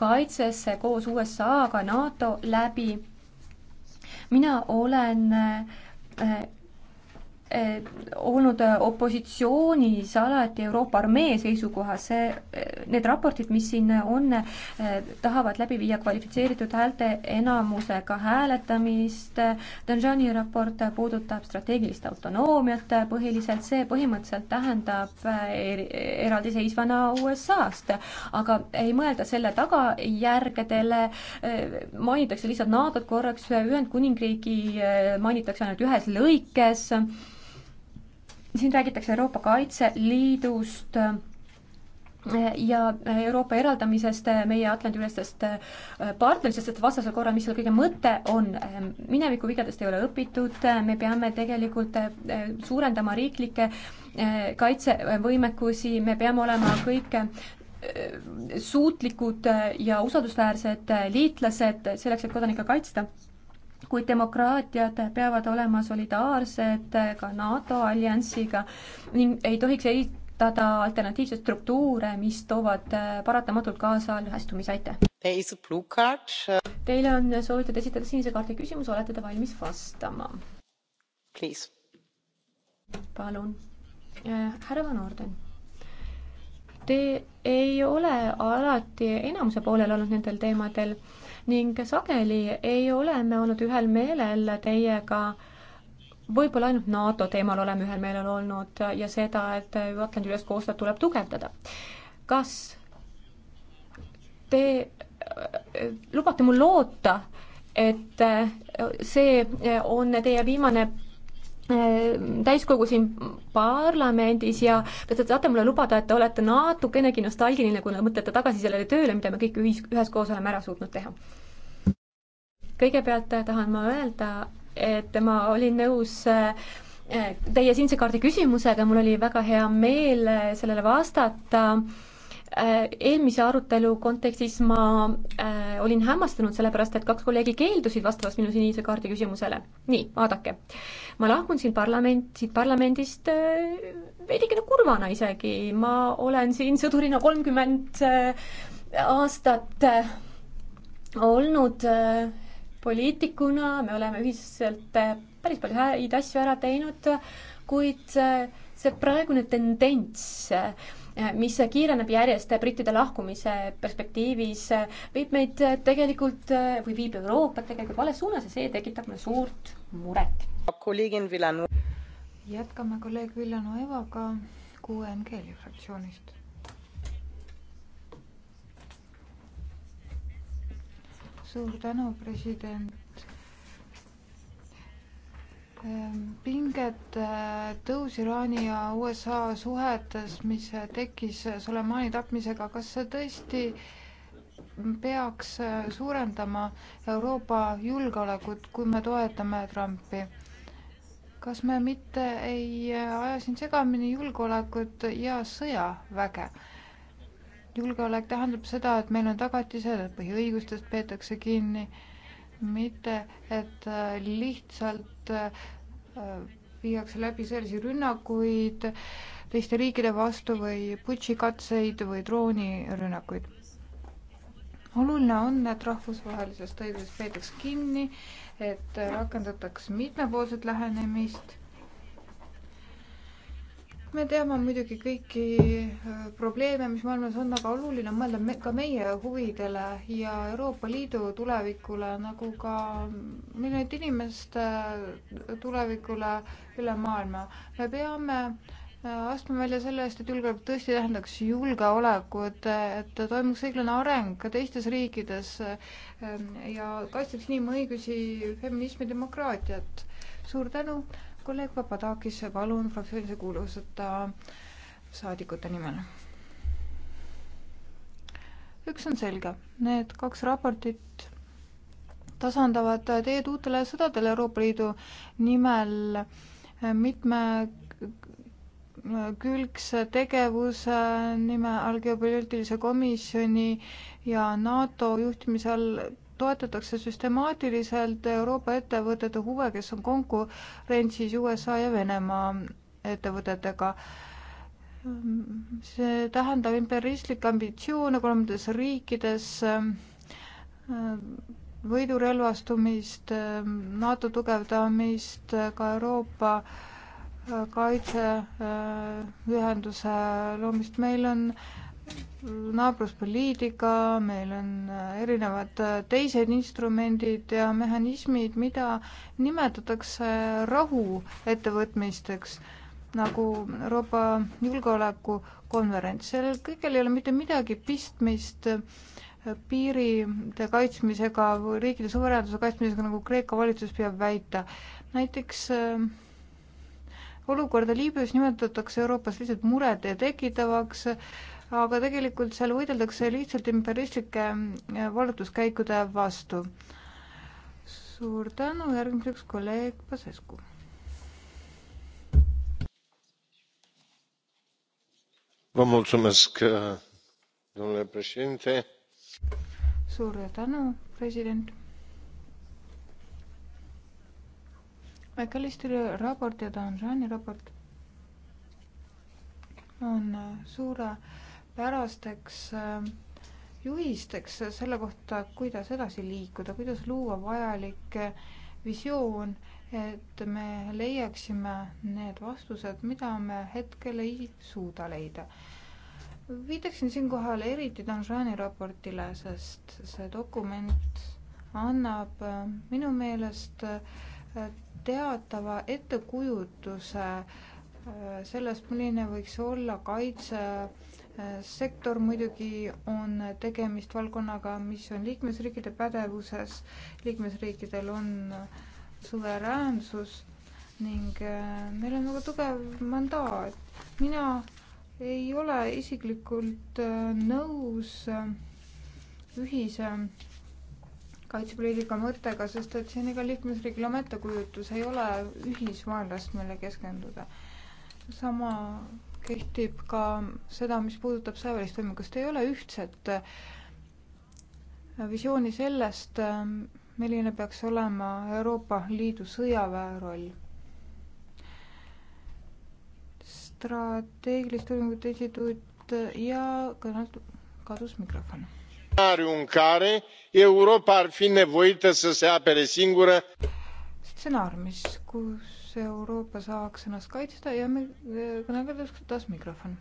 kaitsesse koos USA-ga NATO läbi. mina olen äh, olnud äh, opositsioonis alati Euroopa armee seisukohas, see, äh, need raportid, mis siin on, äh, tahavad läbi viia kvalifitseeritud häälte enamusega hääletamist, Danjani raport puudutab strateegilist autonoomiat põhiliselt, see põhimõtteliselt tähendab er, eraldiseisvana USA-st, aga ei mõelda selle tagajärgedele, mainitakse lihtsalt NATO-t korraks, Ühendkuningriigi mainitakse ainult ühes lõikes, siin räägitakse Euroopa Kaitseliidust äh, ja äh, Euroopa eraldamisest äh, meie Atlandi-ülestest partneristest, sest vastasel korral, mis selle kõige mõte on, mineviku vigadest ei ole õpitud, me peame tegelikult suurendama riiklikke kaitsevõimekusi, me peame olema kõik suutlikud ja usaldusväärsed liitlased selleks, et kodanikke kaitsta kuid demokraatiad peavad olema solidaarsed ka NATO alliansiga ning ei tohiks eitada alternatiivseid struktuure, mis toovad paratamatult kaasa lõhestumise, aitäh! Teile on soovitud esitada sinise kaardi küsimus, olete te valmis vastama? palun, härra Van Orden te ei ole alati enamuse poolel olnud nendel teemadel ning sageli ei ole me olnud ühel meelel teiega võib-olla ainult NATO teemal oleme ühel meelel olnud ja seda, et Atlandi üles koostööd tuleb tugevdada. kas te lubate mul loota, et see on teie viimane Äh, täiskogu siin parlamendis ja kas te saate mulle lubada, et te olete natukenegi nostalgiline, kui mõtlete tagasi sellele tööle, mida me kõik ühis, üheskoos oleme ära suutnud teha? kõigepealt äh, tahan ma öelda, et ma olin nõus äh, teie siinse kaardi küsimusega, mul oli väga hea meel sellele vastata Äh, eelmise arutelu kontekstis ma äh, olin hämmastunud, sellepärast et kaks kolleegi keeldusid vastavast minu sinise kaardi küsimusele. nii, vaadake, ma lahkun siin parlament, siit parlamendist äh, veidikene kurvana isegi, ma olen siin sõdurina kolmkümmend äh, aastat äh, olnud äh, poliitikuna, me oleme ühiselt äh, päris palju häid asju ära teinud, kuid äh, see praegune tendents, mis kiireneb järjest brittide lahkumise perspektiivis, viib meid tegelikult või viib Euroopat tegelikult vales suunas ja see tekitab mulle suurt muret. jätkame kolleeg Villanuevaga QNGL-i fraktsioonist. suur tänu, president Ehm, pinged äh, tõus Iraani ja USA suhetes, mis äh, tekkis äh, Soleimani tapmisega, kas see tõesti peaks suurendama Euroopa julgeolekut, kui me toetame Trumpi? kas me mitte ei aja siin segamini julgeolekut ja sõjaväge? julgeolek tähendab seda, et meil on tagatised, et põhiõigustest peetakse kinni mitte et äh, lihtsalt äh, viiakse läbi sõjalisi rünnakuid teiste riikide vastu või putšikatseid või droonirünnakuid. oluline on, et rahvusvahelisest õigusest peetaks kinni, et äh, rakendataks mitmepoolset lähenemist me teame muidugi kõiki äh, probleeme, mis maailmas on, aga oluline on mõelda me, ka meie huvidele ja Euroopa Liidu tulevikule, nagu ka miljonite inimeste äh, tulevikule üle maailma. me peame äh, astume välja selle eest, et julgeolek tõesti tähendaks julgeolekut, et toimuks õiglane areng ka teistes riikides ja kaitseks inimõigusi, feminismi, demokraatiat. suur tänu kolleeg Papadakis, palun fraktsioonilise kuuluvuseta saadikute nimel. üks on selge, need kaks raportit tasandavad teed uutele sõdadele Euroopa Liidu nimel mitmekülgse tegevuse nime all geopoliitilise komisjoni ja NATO juhtimise all toetatakse süstemaatiliselt Euroopa ettevõtete huve, kes on konkurentsis USA ja Venemaa ettevõtetega. see tähendab imperialistlikke ambitsioone kolmandates riikides, võidurelvastumist, NATO tugevdamist, ka Euroopa kaitseühenduse loomist. meil on äh, naabruspoliitika, meil on äh, erinevad äh, teised instrumendid ja mehhanismid, mida nimetatakse rahuettevõtmisteks, nagu Euroopa Julgeolekukonverents. sellel kõigel ei ole mitte midagi pistmist äh, piiride kaitsmisega või riikide suveräänsuse kaitsmisega, nagu Kreeka valitsus püüab väita. näiteks olukorda Liibüas nimetatakse Euroopas lihtsalt muret tekitavaks äh, aga tegelikult seal võideldakse lihtsalt imperialistlike äh, vallutuskäikude vastu. suur tänu, järgmiseks kolleeg Pasescu. Äh, domnule președinte mcallisteri raport ja danjeani raport on äh, suure järelduspärasteks äh, juhisteks selle kohta, kuidas edasi liikuda, kuidas luua vajalik äh, visioon, et me leiaksime need vastused, mida me hetkel ei suuda leida. viitaksin siinkohal eriti Danjani raportile, sest see dokument annab äh, minu meelest teatava ettekujutuse sellest, milline võiks olla kaitse sektor muidugi on tegemist valdkonnaga, mis on liikmesriikide pädevuses, liikmesriikidel on suveräänsus ning äh, neil on väga tugev mandaat. mina ei ole isiklikult äh, nõus äh, ühise kaitsepoliitika mõttega, sest et see on iga liikmesriigil oma ettekujutus, ei ole ühisvaenlast, mille keskenduda. sama kehtib ka seda, mis puudutab sõjaväelist võimu, kas te ei ole ühtset äh, visiooni sellest, äh, milline peaks olema Euroopa Liidu sõjaväe roll? strateegiliste uuringute instituut äh, ja kõnelt kadus mikrofon. stsenaariumis, kus Euroopa saaks ennast kaitsta ja me kõneledes taas mikrofon.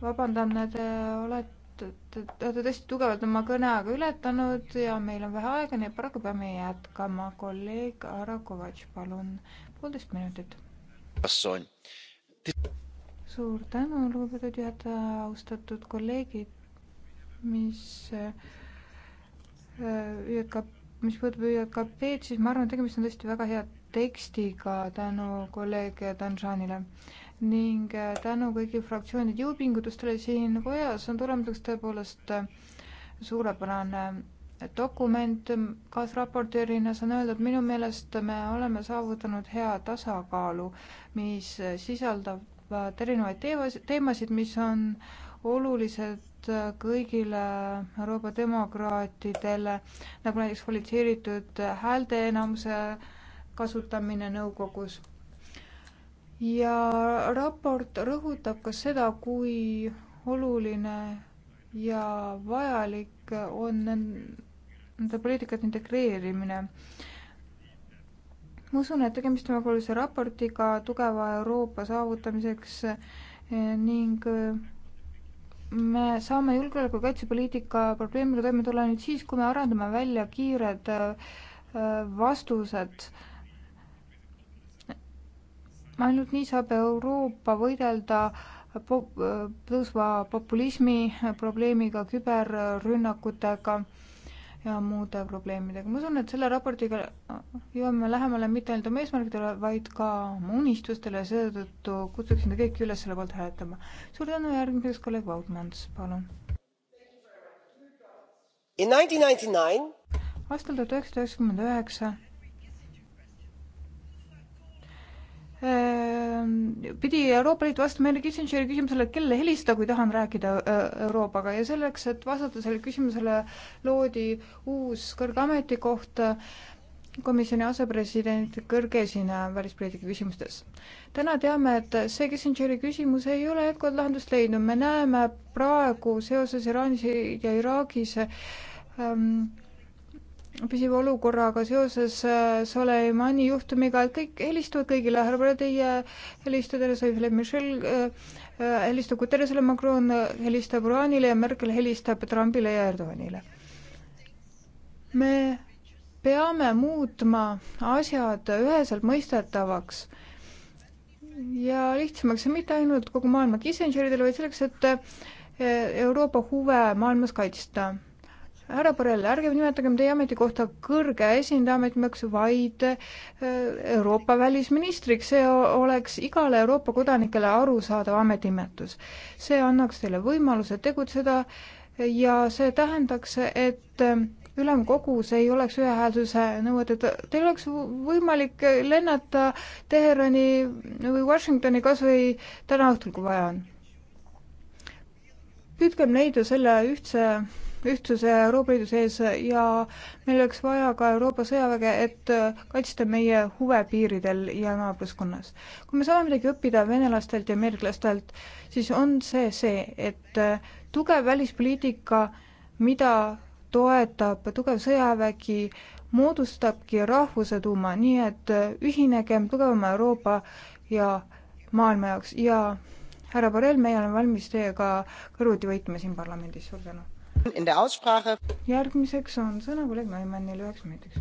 vabandan, te olete, te olete tõesti tugevalt oma kõneaega ületanud ja meil on vähe aega, nii et paraku peame jätkama. kolleeg Ara Kovatš, palun, poolteist minutit. suur tänu, lugupeetud juhataja, austatud kolleegid, mis äh, ÜKP mis puudutab ÜKP-d, siis ma arvan, et tegemist on tõesti väga head tekstiga tänu kolleeg Danžanile ning äh, tänu kõigi fraktsioonide jõupingutustele siin kojas on tulemuseks tõepoolest äh, suurepärane äh, dokument. kaasraportöörina saan öelda, et minu meelest me oleme saavutanud hea tasakaalu, mis sisaldab erinevaid teemasid, teemasid, mis on olulised kõigile Euroopa demokraatidele, nagu näiteks kvalifitseeritud häälteenamuse äh, kasutamine nõukogus. ja raport rõhutab ka seda, kui oluline ja vajalik on nende poliitikate integreerimine. ma usun, et tegemist on väga olulise raportiga tugeva Euroopa saavutamiseks eh, ning eh, me saame julgeoleku- ja kaitsepoliitika probleemiga toime tulla nüüd siis, kui me arendame välja kiired eh, vastused äh, ainult nii saab Euroopa võidelda pop-, tõusva populismi probleemiga, küberrünnakutega ja muude probleemidega. ma usun, et selle raportiga jõuame lähemale mitte ainult oma eesmärkidele, vaid ka oma unistustele ja seetõttu kutsuksin te kõiki üles selle poolt hääletama. suur tänu, järgmiseks kolleeg Vautmans, palun. aastal tuhat üheksasada üheksakümmend üheksa Ehm, pidi Euroopa Liit vastama Henry Kissingeri küsimusele, kelle helistada, kui tahan rääkida Euroopaga ja selleks, et vastata sellele küsimusele, loodi uus kõrge ametikoht, äh, komisjoni asepresident, kõrge esineja välispoliitika küsimustes. täna teame, et see Kissingeri küsimus ei ole jätkuvalt lahendust leidnud, me näeme praegu seoses Iraanis ja Iraagis ähm, püsiva olukorraga seoses äh, Soleimani juhtumiga, et kõik helistavad kõigile, härra Bradie äh, äh, helistab Teresele, Michel helistab Teresele, Macron helistab Iraanile ja Merkel helistab Trumpile ja Erdoganile. me peame muutma asjad üheselt mõistetavaks ja lihtsamaks ja mitte ainult kogu maailma Kissingeridele, vaid selleks, et Euroopa huve maailmas kaitsta härra Borrell, ärgem nimetagem teie ametikohta kõrge esindaja ametimeks, vaid äh, Euroopa välisministriks, see oleks igale Euroopa kodanikele arusaadav ametimetus. see annaks teile võimaluse tegutseda ja see tähendaks, et äh, ülemkogus ei oleks ühehäälsuse nõuet, et teil oleks võimalik lennata Teherani või Washingtoni kas või täna õhtul, kui vaja on. püüdkem leida selle ühtse ühtsuse Euroopa Liidu sees ja meil oleks vaja ka Euroopa sõjaväge, et kaitsta meie huve piiridel ja naabruskonnas. kui me saame midagi õppida venelastelt ja ameeriklastelt, siis on see see, et tugev välispoliitika, mida toetab tugev sõjavägi, moodustabki rahvuse tuuma, nii et ühinegem tugevama Euroopa ja maailma jaoks ja härra Borrell, meie oleme valmis teiega kõrvuti võitlema siin parlamendis, suur tänu! järgmiseks on sõna kolleeg Naimannil üheks minutiks.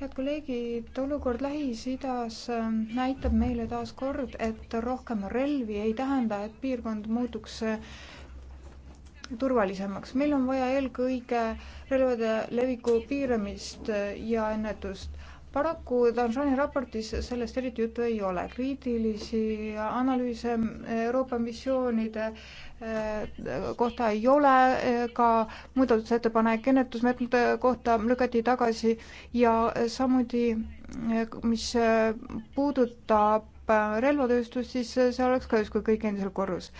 head kolleegid, olukord Lähis-Idas ähm, näitab meile taas kord, et rohkem relvi ei tähenda, et piirkond muutuks äh, turvalisemaks. meil on vaja eelkõige relvade leviku piiramist ja ennetust. paraku Tansaania raportis sellest eriti juttu ei ole. kriitilisi analüüse Euroopa missioonide eh, kohta ei ole, eh, ka muudatusettepanek ennetusmeetmete kohta lükati tagasi ja samuti, eh, mis puudutab relvatööstust, siis see oleks ka justkui kõik endisel korrus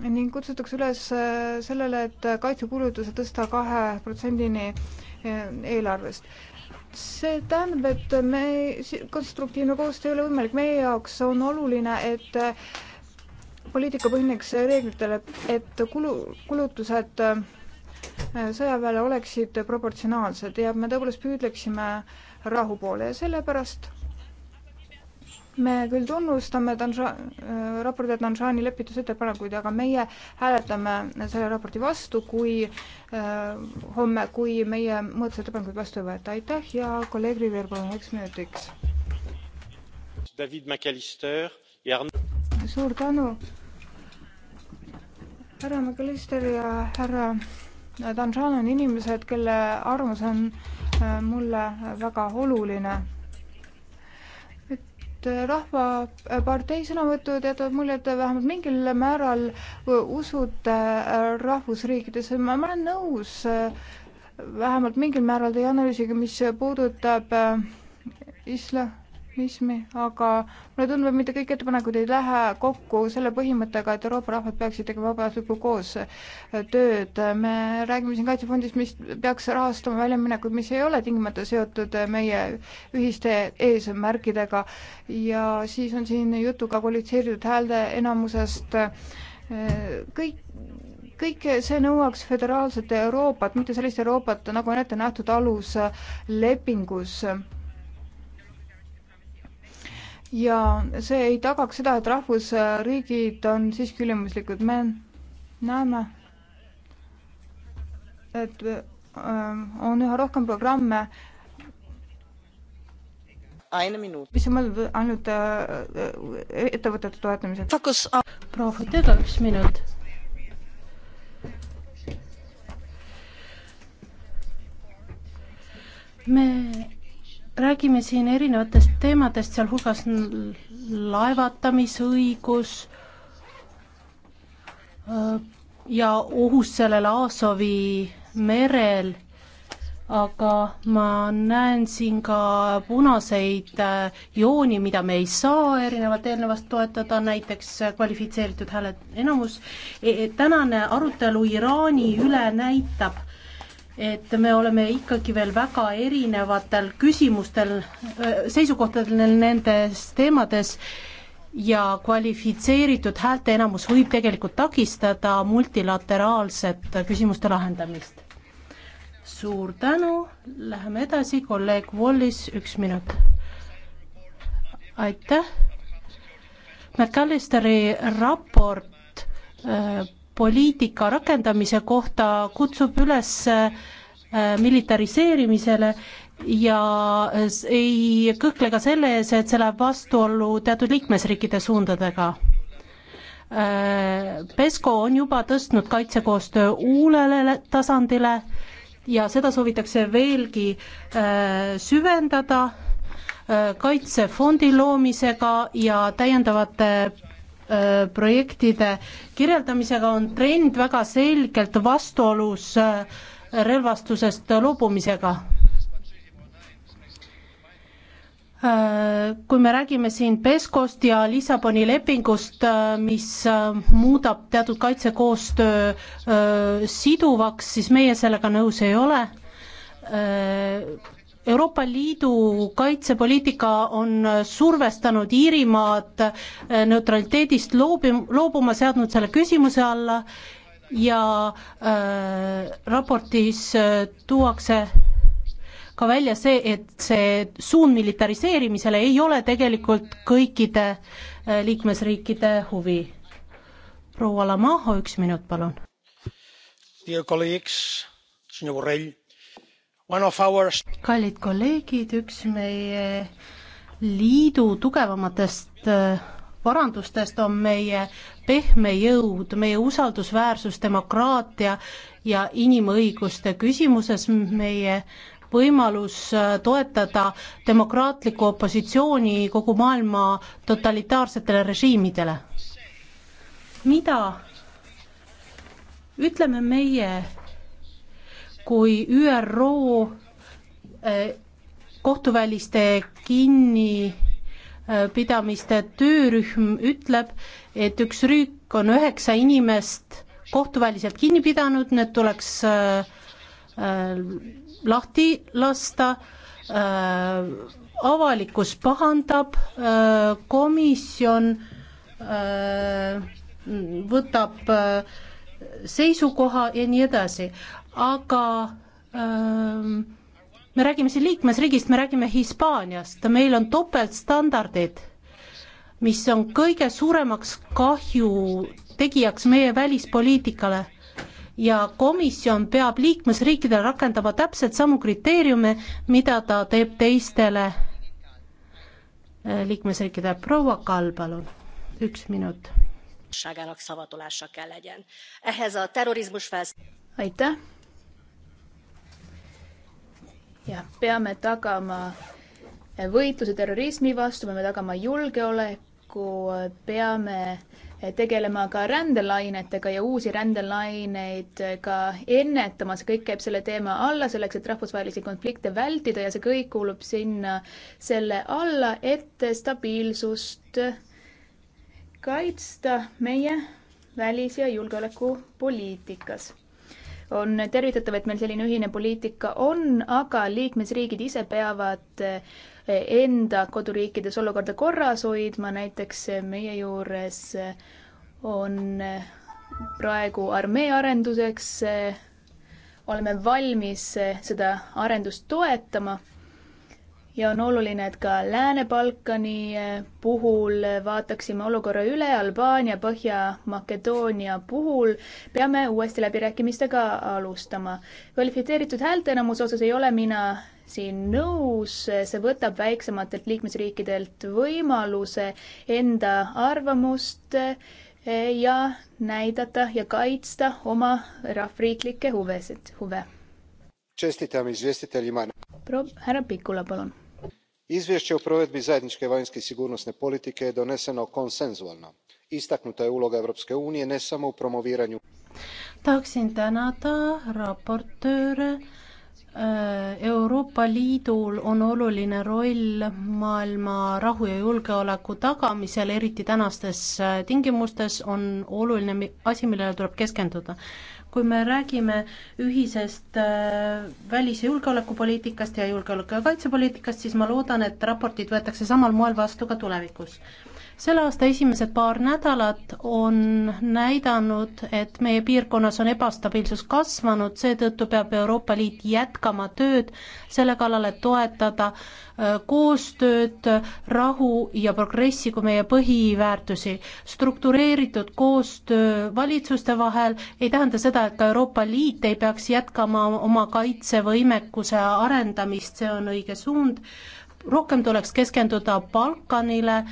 ning kutsutakse üles äh, sellele, et kaitsekulutused tõsta kahe protsendini äh, eelarvest. see tähendab, et me, konstruktiivne koostöö ei ole võimalik, meie jaoks on oluline, et äh, poliitika põhineks reeglitele, et kulu, kulutused sõjaväele oleksid proportsionaalsed ja me tõepoolest püüdleksime rahu poole ja sellepärast me küll tunnustame Tanja-, äh, raporti Tanžaani lepitusettepanekuid, aga meie hääletame selle raporti vastu, kui äh, homme, kui meie muudatusettepanekuid vastu ei võeta. aitäh ja kolleeg Rivier, palun üheks minutiks. suur tänu, härra McAllister ja härra Tanžaan on inimesed, kelle arvamus on äh, mulle väga oluline et Rahvapartei sõnavõtud jätavad mulje, et te vähemalt mingil määral usute rahvusriikidesse, ma olen nõus vähemalt mingil määral teie analüüsiga, mis puudutab äh, isla-, optimismi, aga mulle tundub, et mitte kõik ettepanekud ei lähe kokku selle põhimõttega, et Euroopa rahvad peaksid tegema vabatahtlikku koos äh, tööd. me räägime siin kaitsefondist, mis peaks rahastama väljaminekuid, mis ei ole tingimata seotud äh, meie ühiste eesmärkidega ja siis on siin juttu ka kvalifitseeritud häälte enamusest. Äh, kõik kõik see nõuaks föderaalset Euroopat, mitte sellist Euroopat, nagu on ette nähtud aluslepingus ja see ei tagaks seda, et rahvusriigid on siiski ülimuslikud, me näeme, et äh, on üha rohkem programme, mis on mõeldud ainult äh, äh, ettevõtete toetamiseks. proua Fotega, üks minut. me räägime siin erinevatest teemadest, sealhulgas laevatamisõigus äh, ja ohus sellele Aasovi merel, aga ma näen siin ka punaseid äh, jooni, mida me ei saa erinevalt eelnevast toetada, näiteks äh, kvalifitseeritud hääled enamus e, e. tänane arutelu Iraani üle näitab, et me oleme ikkagi veel väga erinevatel küsimustel, äh, seisukohtadel nendes teemades ja kvalifitseeritud häälteenamus võib tegelikult takistada multilateraalset küsimuste lahendamist. suur tänu, läheme edasi, kolleeg Wallis, üks minut. aitäh. McAllisteri raport äh, poliitika rakendamise kohta kutsub üles äh, militariseerimisele ja ei kõhkle ka selle ees, et see läheb vastuollu teatud liikmesriikide suundadega. Äh, Pesco on juba tõstnud kaitsekoostöö uulele tasandile ja seda soovitakse veelgi äh, süvendada kaitsefondi loomisega ja täiendavate Äh, projektide kirjeldamisega on trend väga selgelt vastuolus äh, relvastusest loobumisega. Äh, kui me räägime siin PESCO-st ja Lissaboni lepingust, mis muudab teatud kaitsekoostöö siduvaks, siis meie sellega nõus ei ole Euroopa Liidu kaitsepoliitika on survestanud Iirimaad eh, neutraliteedist loobi-, loobuma, seadnud selle küsimuse alla ja äh, raportis äh, tuuakse ka välja see, et see suund militariseerimisele ei ole tegelikult kõikide äh, liikmesriikide huvi. proua Lamaho, üks minut, palun. Dear colleagues, senor Borrell Our... kallid kolleegid, üks meie liidu tugevamatest varandustest äh, on meie pehme jõud, meie usaldusväärsus demokraatia ja inimõiguste küsimuses, meie võimalus äh, toetada demokraatlikku opositsiooni kogu maailma totalitaarsetele režiimidele. mida ütleme meie kui ÜRO eh, kohtuväliste kinnipidamiste töörühm ütleb, et üks riik on üheksa inimest kohtuväliselt kinni pidanud, need tuleks eh, eh, lahti lasta, avalikkus pahandab, komisjon võtab äh, seisukoha ja nii edasi, aga ähm, me räägime siin liikmesriigist, me räägime Hispaaniast, meil on topeltstandardid, mis on kõige suuremaks kahju tegijaks meie välispoliitikale ja komisjon peab liikmesriikidele rakendama täpselt samu kriteeriume, mida ta teeb teistele äh, liikmesriikidele. proua Kall, palun, üks minut bizottságának szavatolása kell legyen. Ehhez a terrorizmus felsz... aitäh! jah, peame tagama võitluse terrorismi vastu, peame tagama julgeoleku, peame tegelema ka rändelainetega ja uusi rändelaineid ka ennetama, see kõik käib selle teema alla, selleks et rahvusvahelisi konflikte vältida ja see kõik kuulub sinna selle alla, et stabiilsust kaitsta meie välis- ja julgeolekupoliitikas. on tervitatav, et meil selline ühine poliitika on, aga liikmesriigid ise peavad eh, enda koduriikides olukorda korras hoidma, näiteks meie juures on praegu armee arenduseks, eh, oleme valmis eh, seda arendust toetama ja on oluline, et ka Lääne-Balkani eh, puhul eh, vaataksime olukorra üle, Albaania, Põhja-Makedoonia puhul peame uuesti läbirääkimistega alustama. kvalifitseeritud häälteenamuse osas ei ole mina siin nõus, see võtab väiksematelt liikmesriikidelt võimaluse enda arvamust eh, ja näidata ja kaitsta oma rahvriiklikke huvesid, huve. härra Pikula, palun izvješće o provedbi zajedničke vanjske i sigurnosne politike je doneseno konsenzualno. istaknuta je uloga europske unije ne samo u promoviranju. tahaksin tänada raportööre eh, Euroopa Liidul on oluline roll maailma rahu ja julgeoleku tagamisel, eriti tänastes eh, tingimustes on oluline asi, millele tuleb keskenduda kui me räägime ühisest äh, välis- ja julgeolekupoliitikast ja julgeoleku- ja kaitsepoliitikast, siis ma loodan, et raportid võetakse samal moel vastu ka tulevikus selle aasta esimesed paar nädalat on näidanud, et meie piirkonnas on ebastabiilsus kasvanud, seetõttu peab Euroopa Liit jätkama tööd selle kallal, et toetada äh, koostööd, rahu ja progressi kui meie põhiväärtusi. struktureeritud koostöö valitsuste vahel ei tähenda seda, et ka Euroopa Liit ei peaks jätkama oma kaitsevõimekuse arendamist, see on õige suund, rohkem tuleks keskenduda Balkanile,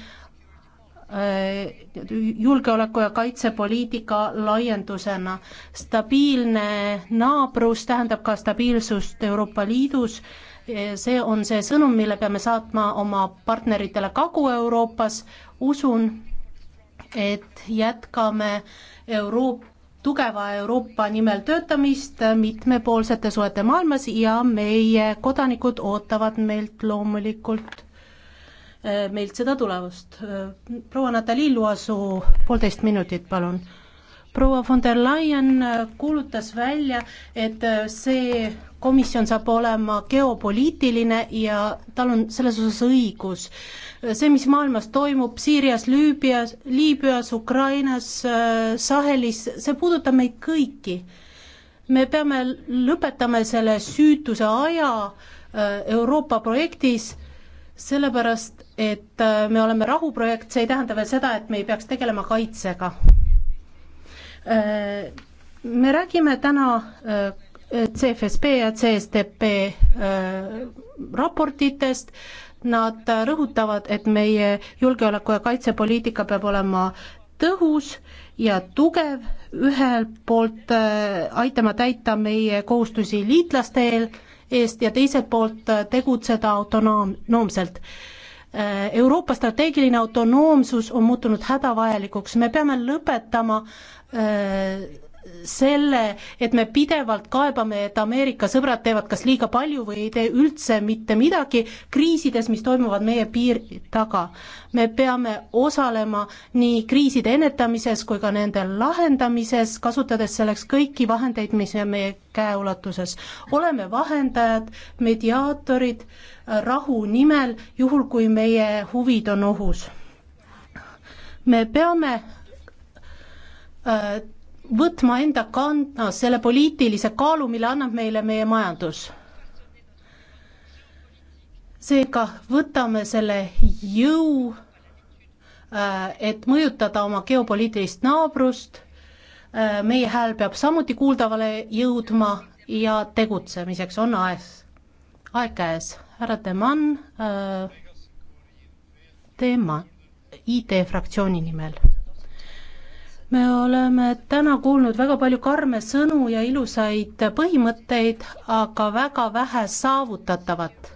Äh, julgeoleku- ja kaitsepoliitika laiendusena. stabiilne naabrus tähendab ka stabiilsust Euroopa Liidus, see on see sõnum, mille peame saatma oma partneritele Kagu-Euroopas, usun, et jätkame Euroop-, tugeva Euroopa nimel töötamist mitmepoolsete suhete maailmas ja meie kodanikud ootavad meilt loomulikult Eh, meilt seda tulemust. Eh, proua Natalja Illuasu, poolteist minutit, palun. proua von der Leyen eh, kuulutas välja, et see komisjon saab olema geopoliitiline ja tal on selles osas õigus. see, mis maailmas toimub Siirias, Lüübias, Liibüas, Ukrainas, Sahelis, see puudutab meid kõiki. me peame, lõpetame selle süütuse aja Euroopa projektis sellepärast, et äh, me oleme rahuprojekt, see ei tähenda veel seda, et me ei peaks tegelema kaitsega. Äh, me räägime täna äh, CFSB ja CSTP raportitest, nad rõhutavad, et meie julgeoleku- ja kaitsepoliitika peab olema tõhus ja tugev, ühelt poolt aitama täita meie kohustusi liitlaste eel eest ja teiselt poolt äh, tegutseda autonoomselt. Äh, Euroopa strateegiline autonoomsus on muutunud hädavajalikuks, me peame lõpetama äh, selle, et me pidevalt kaebame, et Ameerika sõbrad teevad kas liiga palju või ei tee üldse mitte midagi kriisides, mis toimuvad meie piiri taga. me peame osalema nii kriiside ennetamises kui ka nende lahendamises, kasutades selleks kõiki vahendeid, mis on meie käeulatuses. oleme vahendajad, mediaatorid äh, rahu nimel, juhul kui meie huvid on ohus. me peame äh, võtma enda kanda selle poliitilise kaalu, mille annab meile meie majandus. seega võtame selle jõu, äh, et mõjutada oma geopoliitilist naabrust, äh, meie hääl peab samuti kuuldavale jõudma ja tegutsemiseks on aeg, aeg käes. härra Deman, teema äh, ID fraktsiooni nimel me oleme täna kuulnud väga palju karme sõnu ja ilusaid põhimõtteid, aga väga vähe saavutatavat.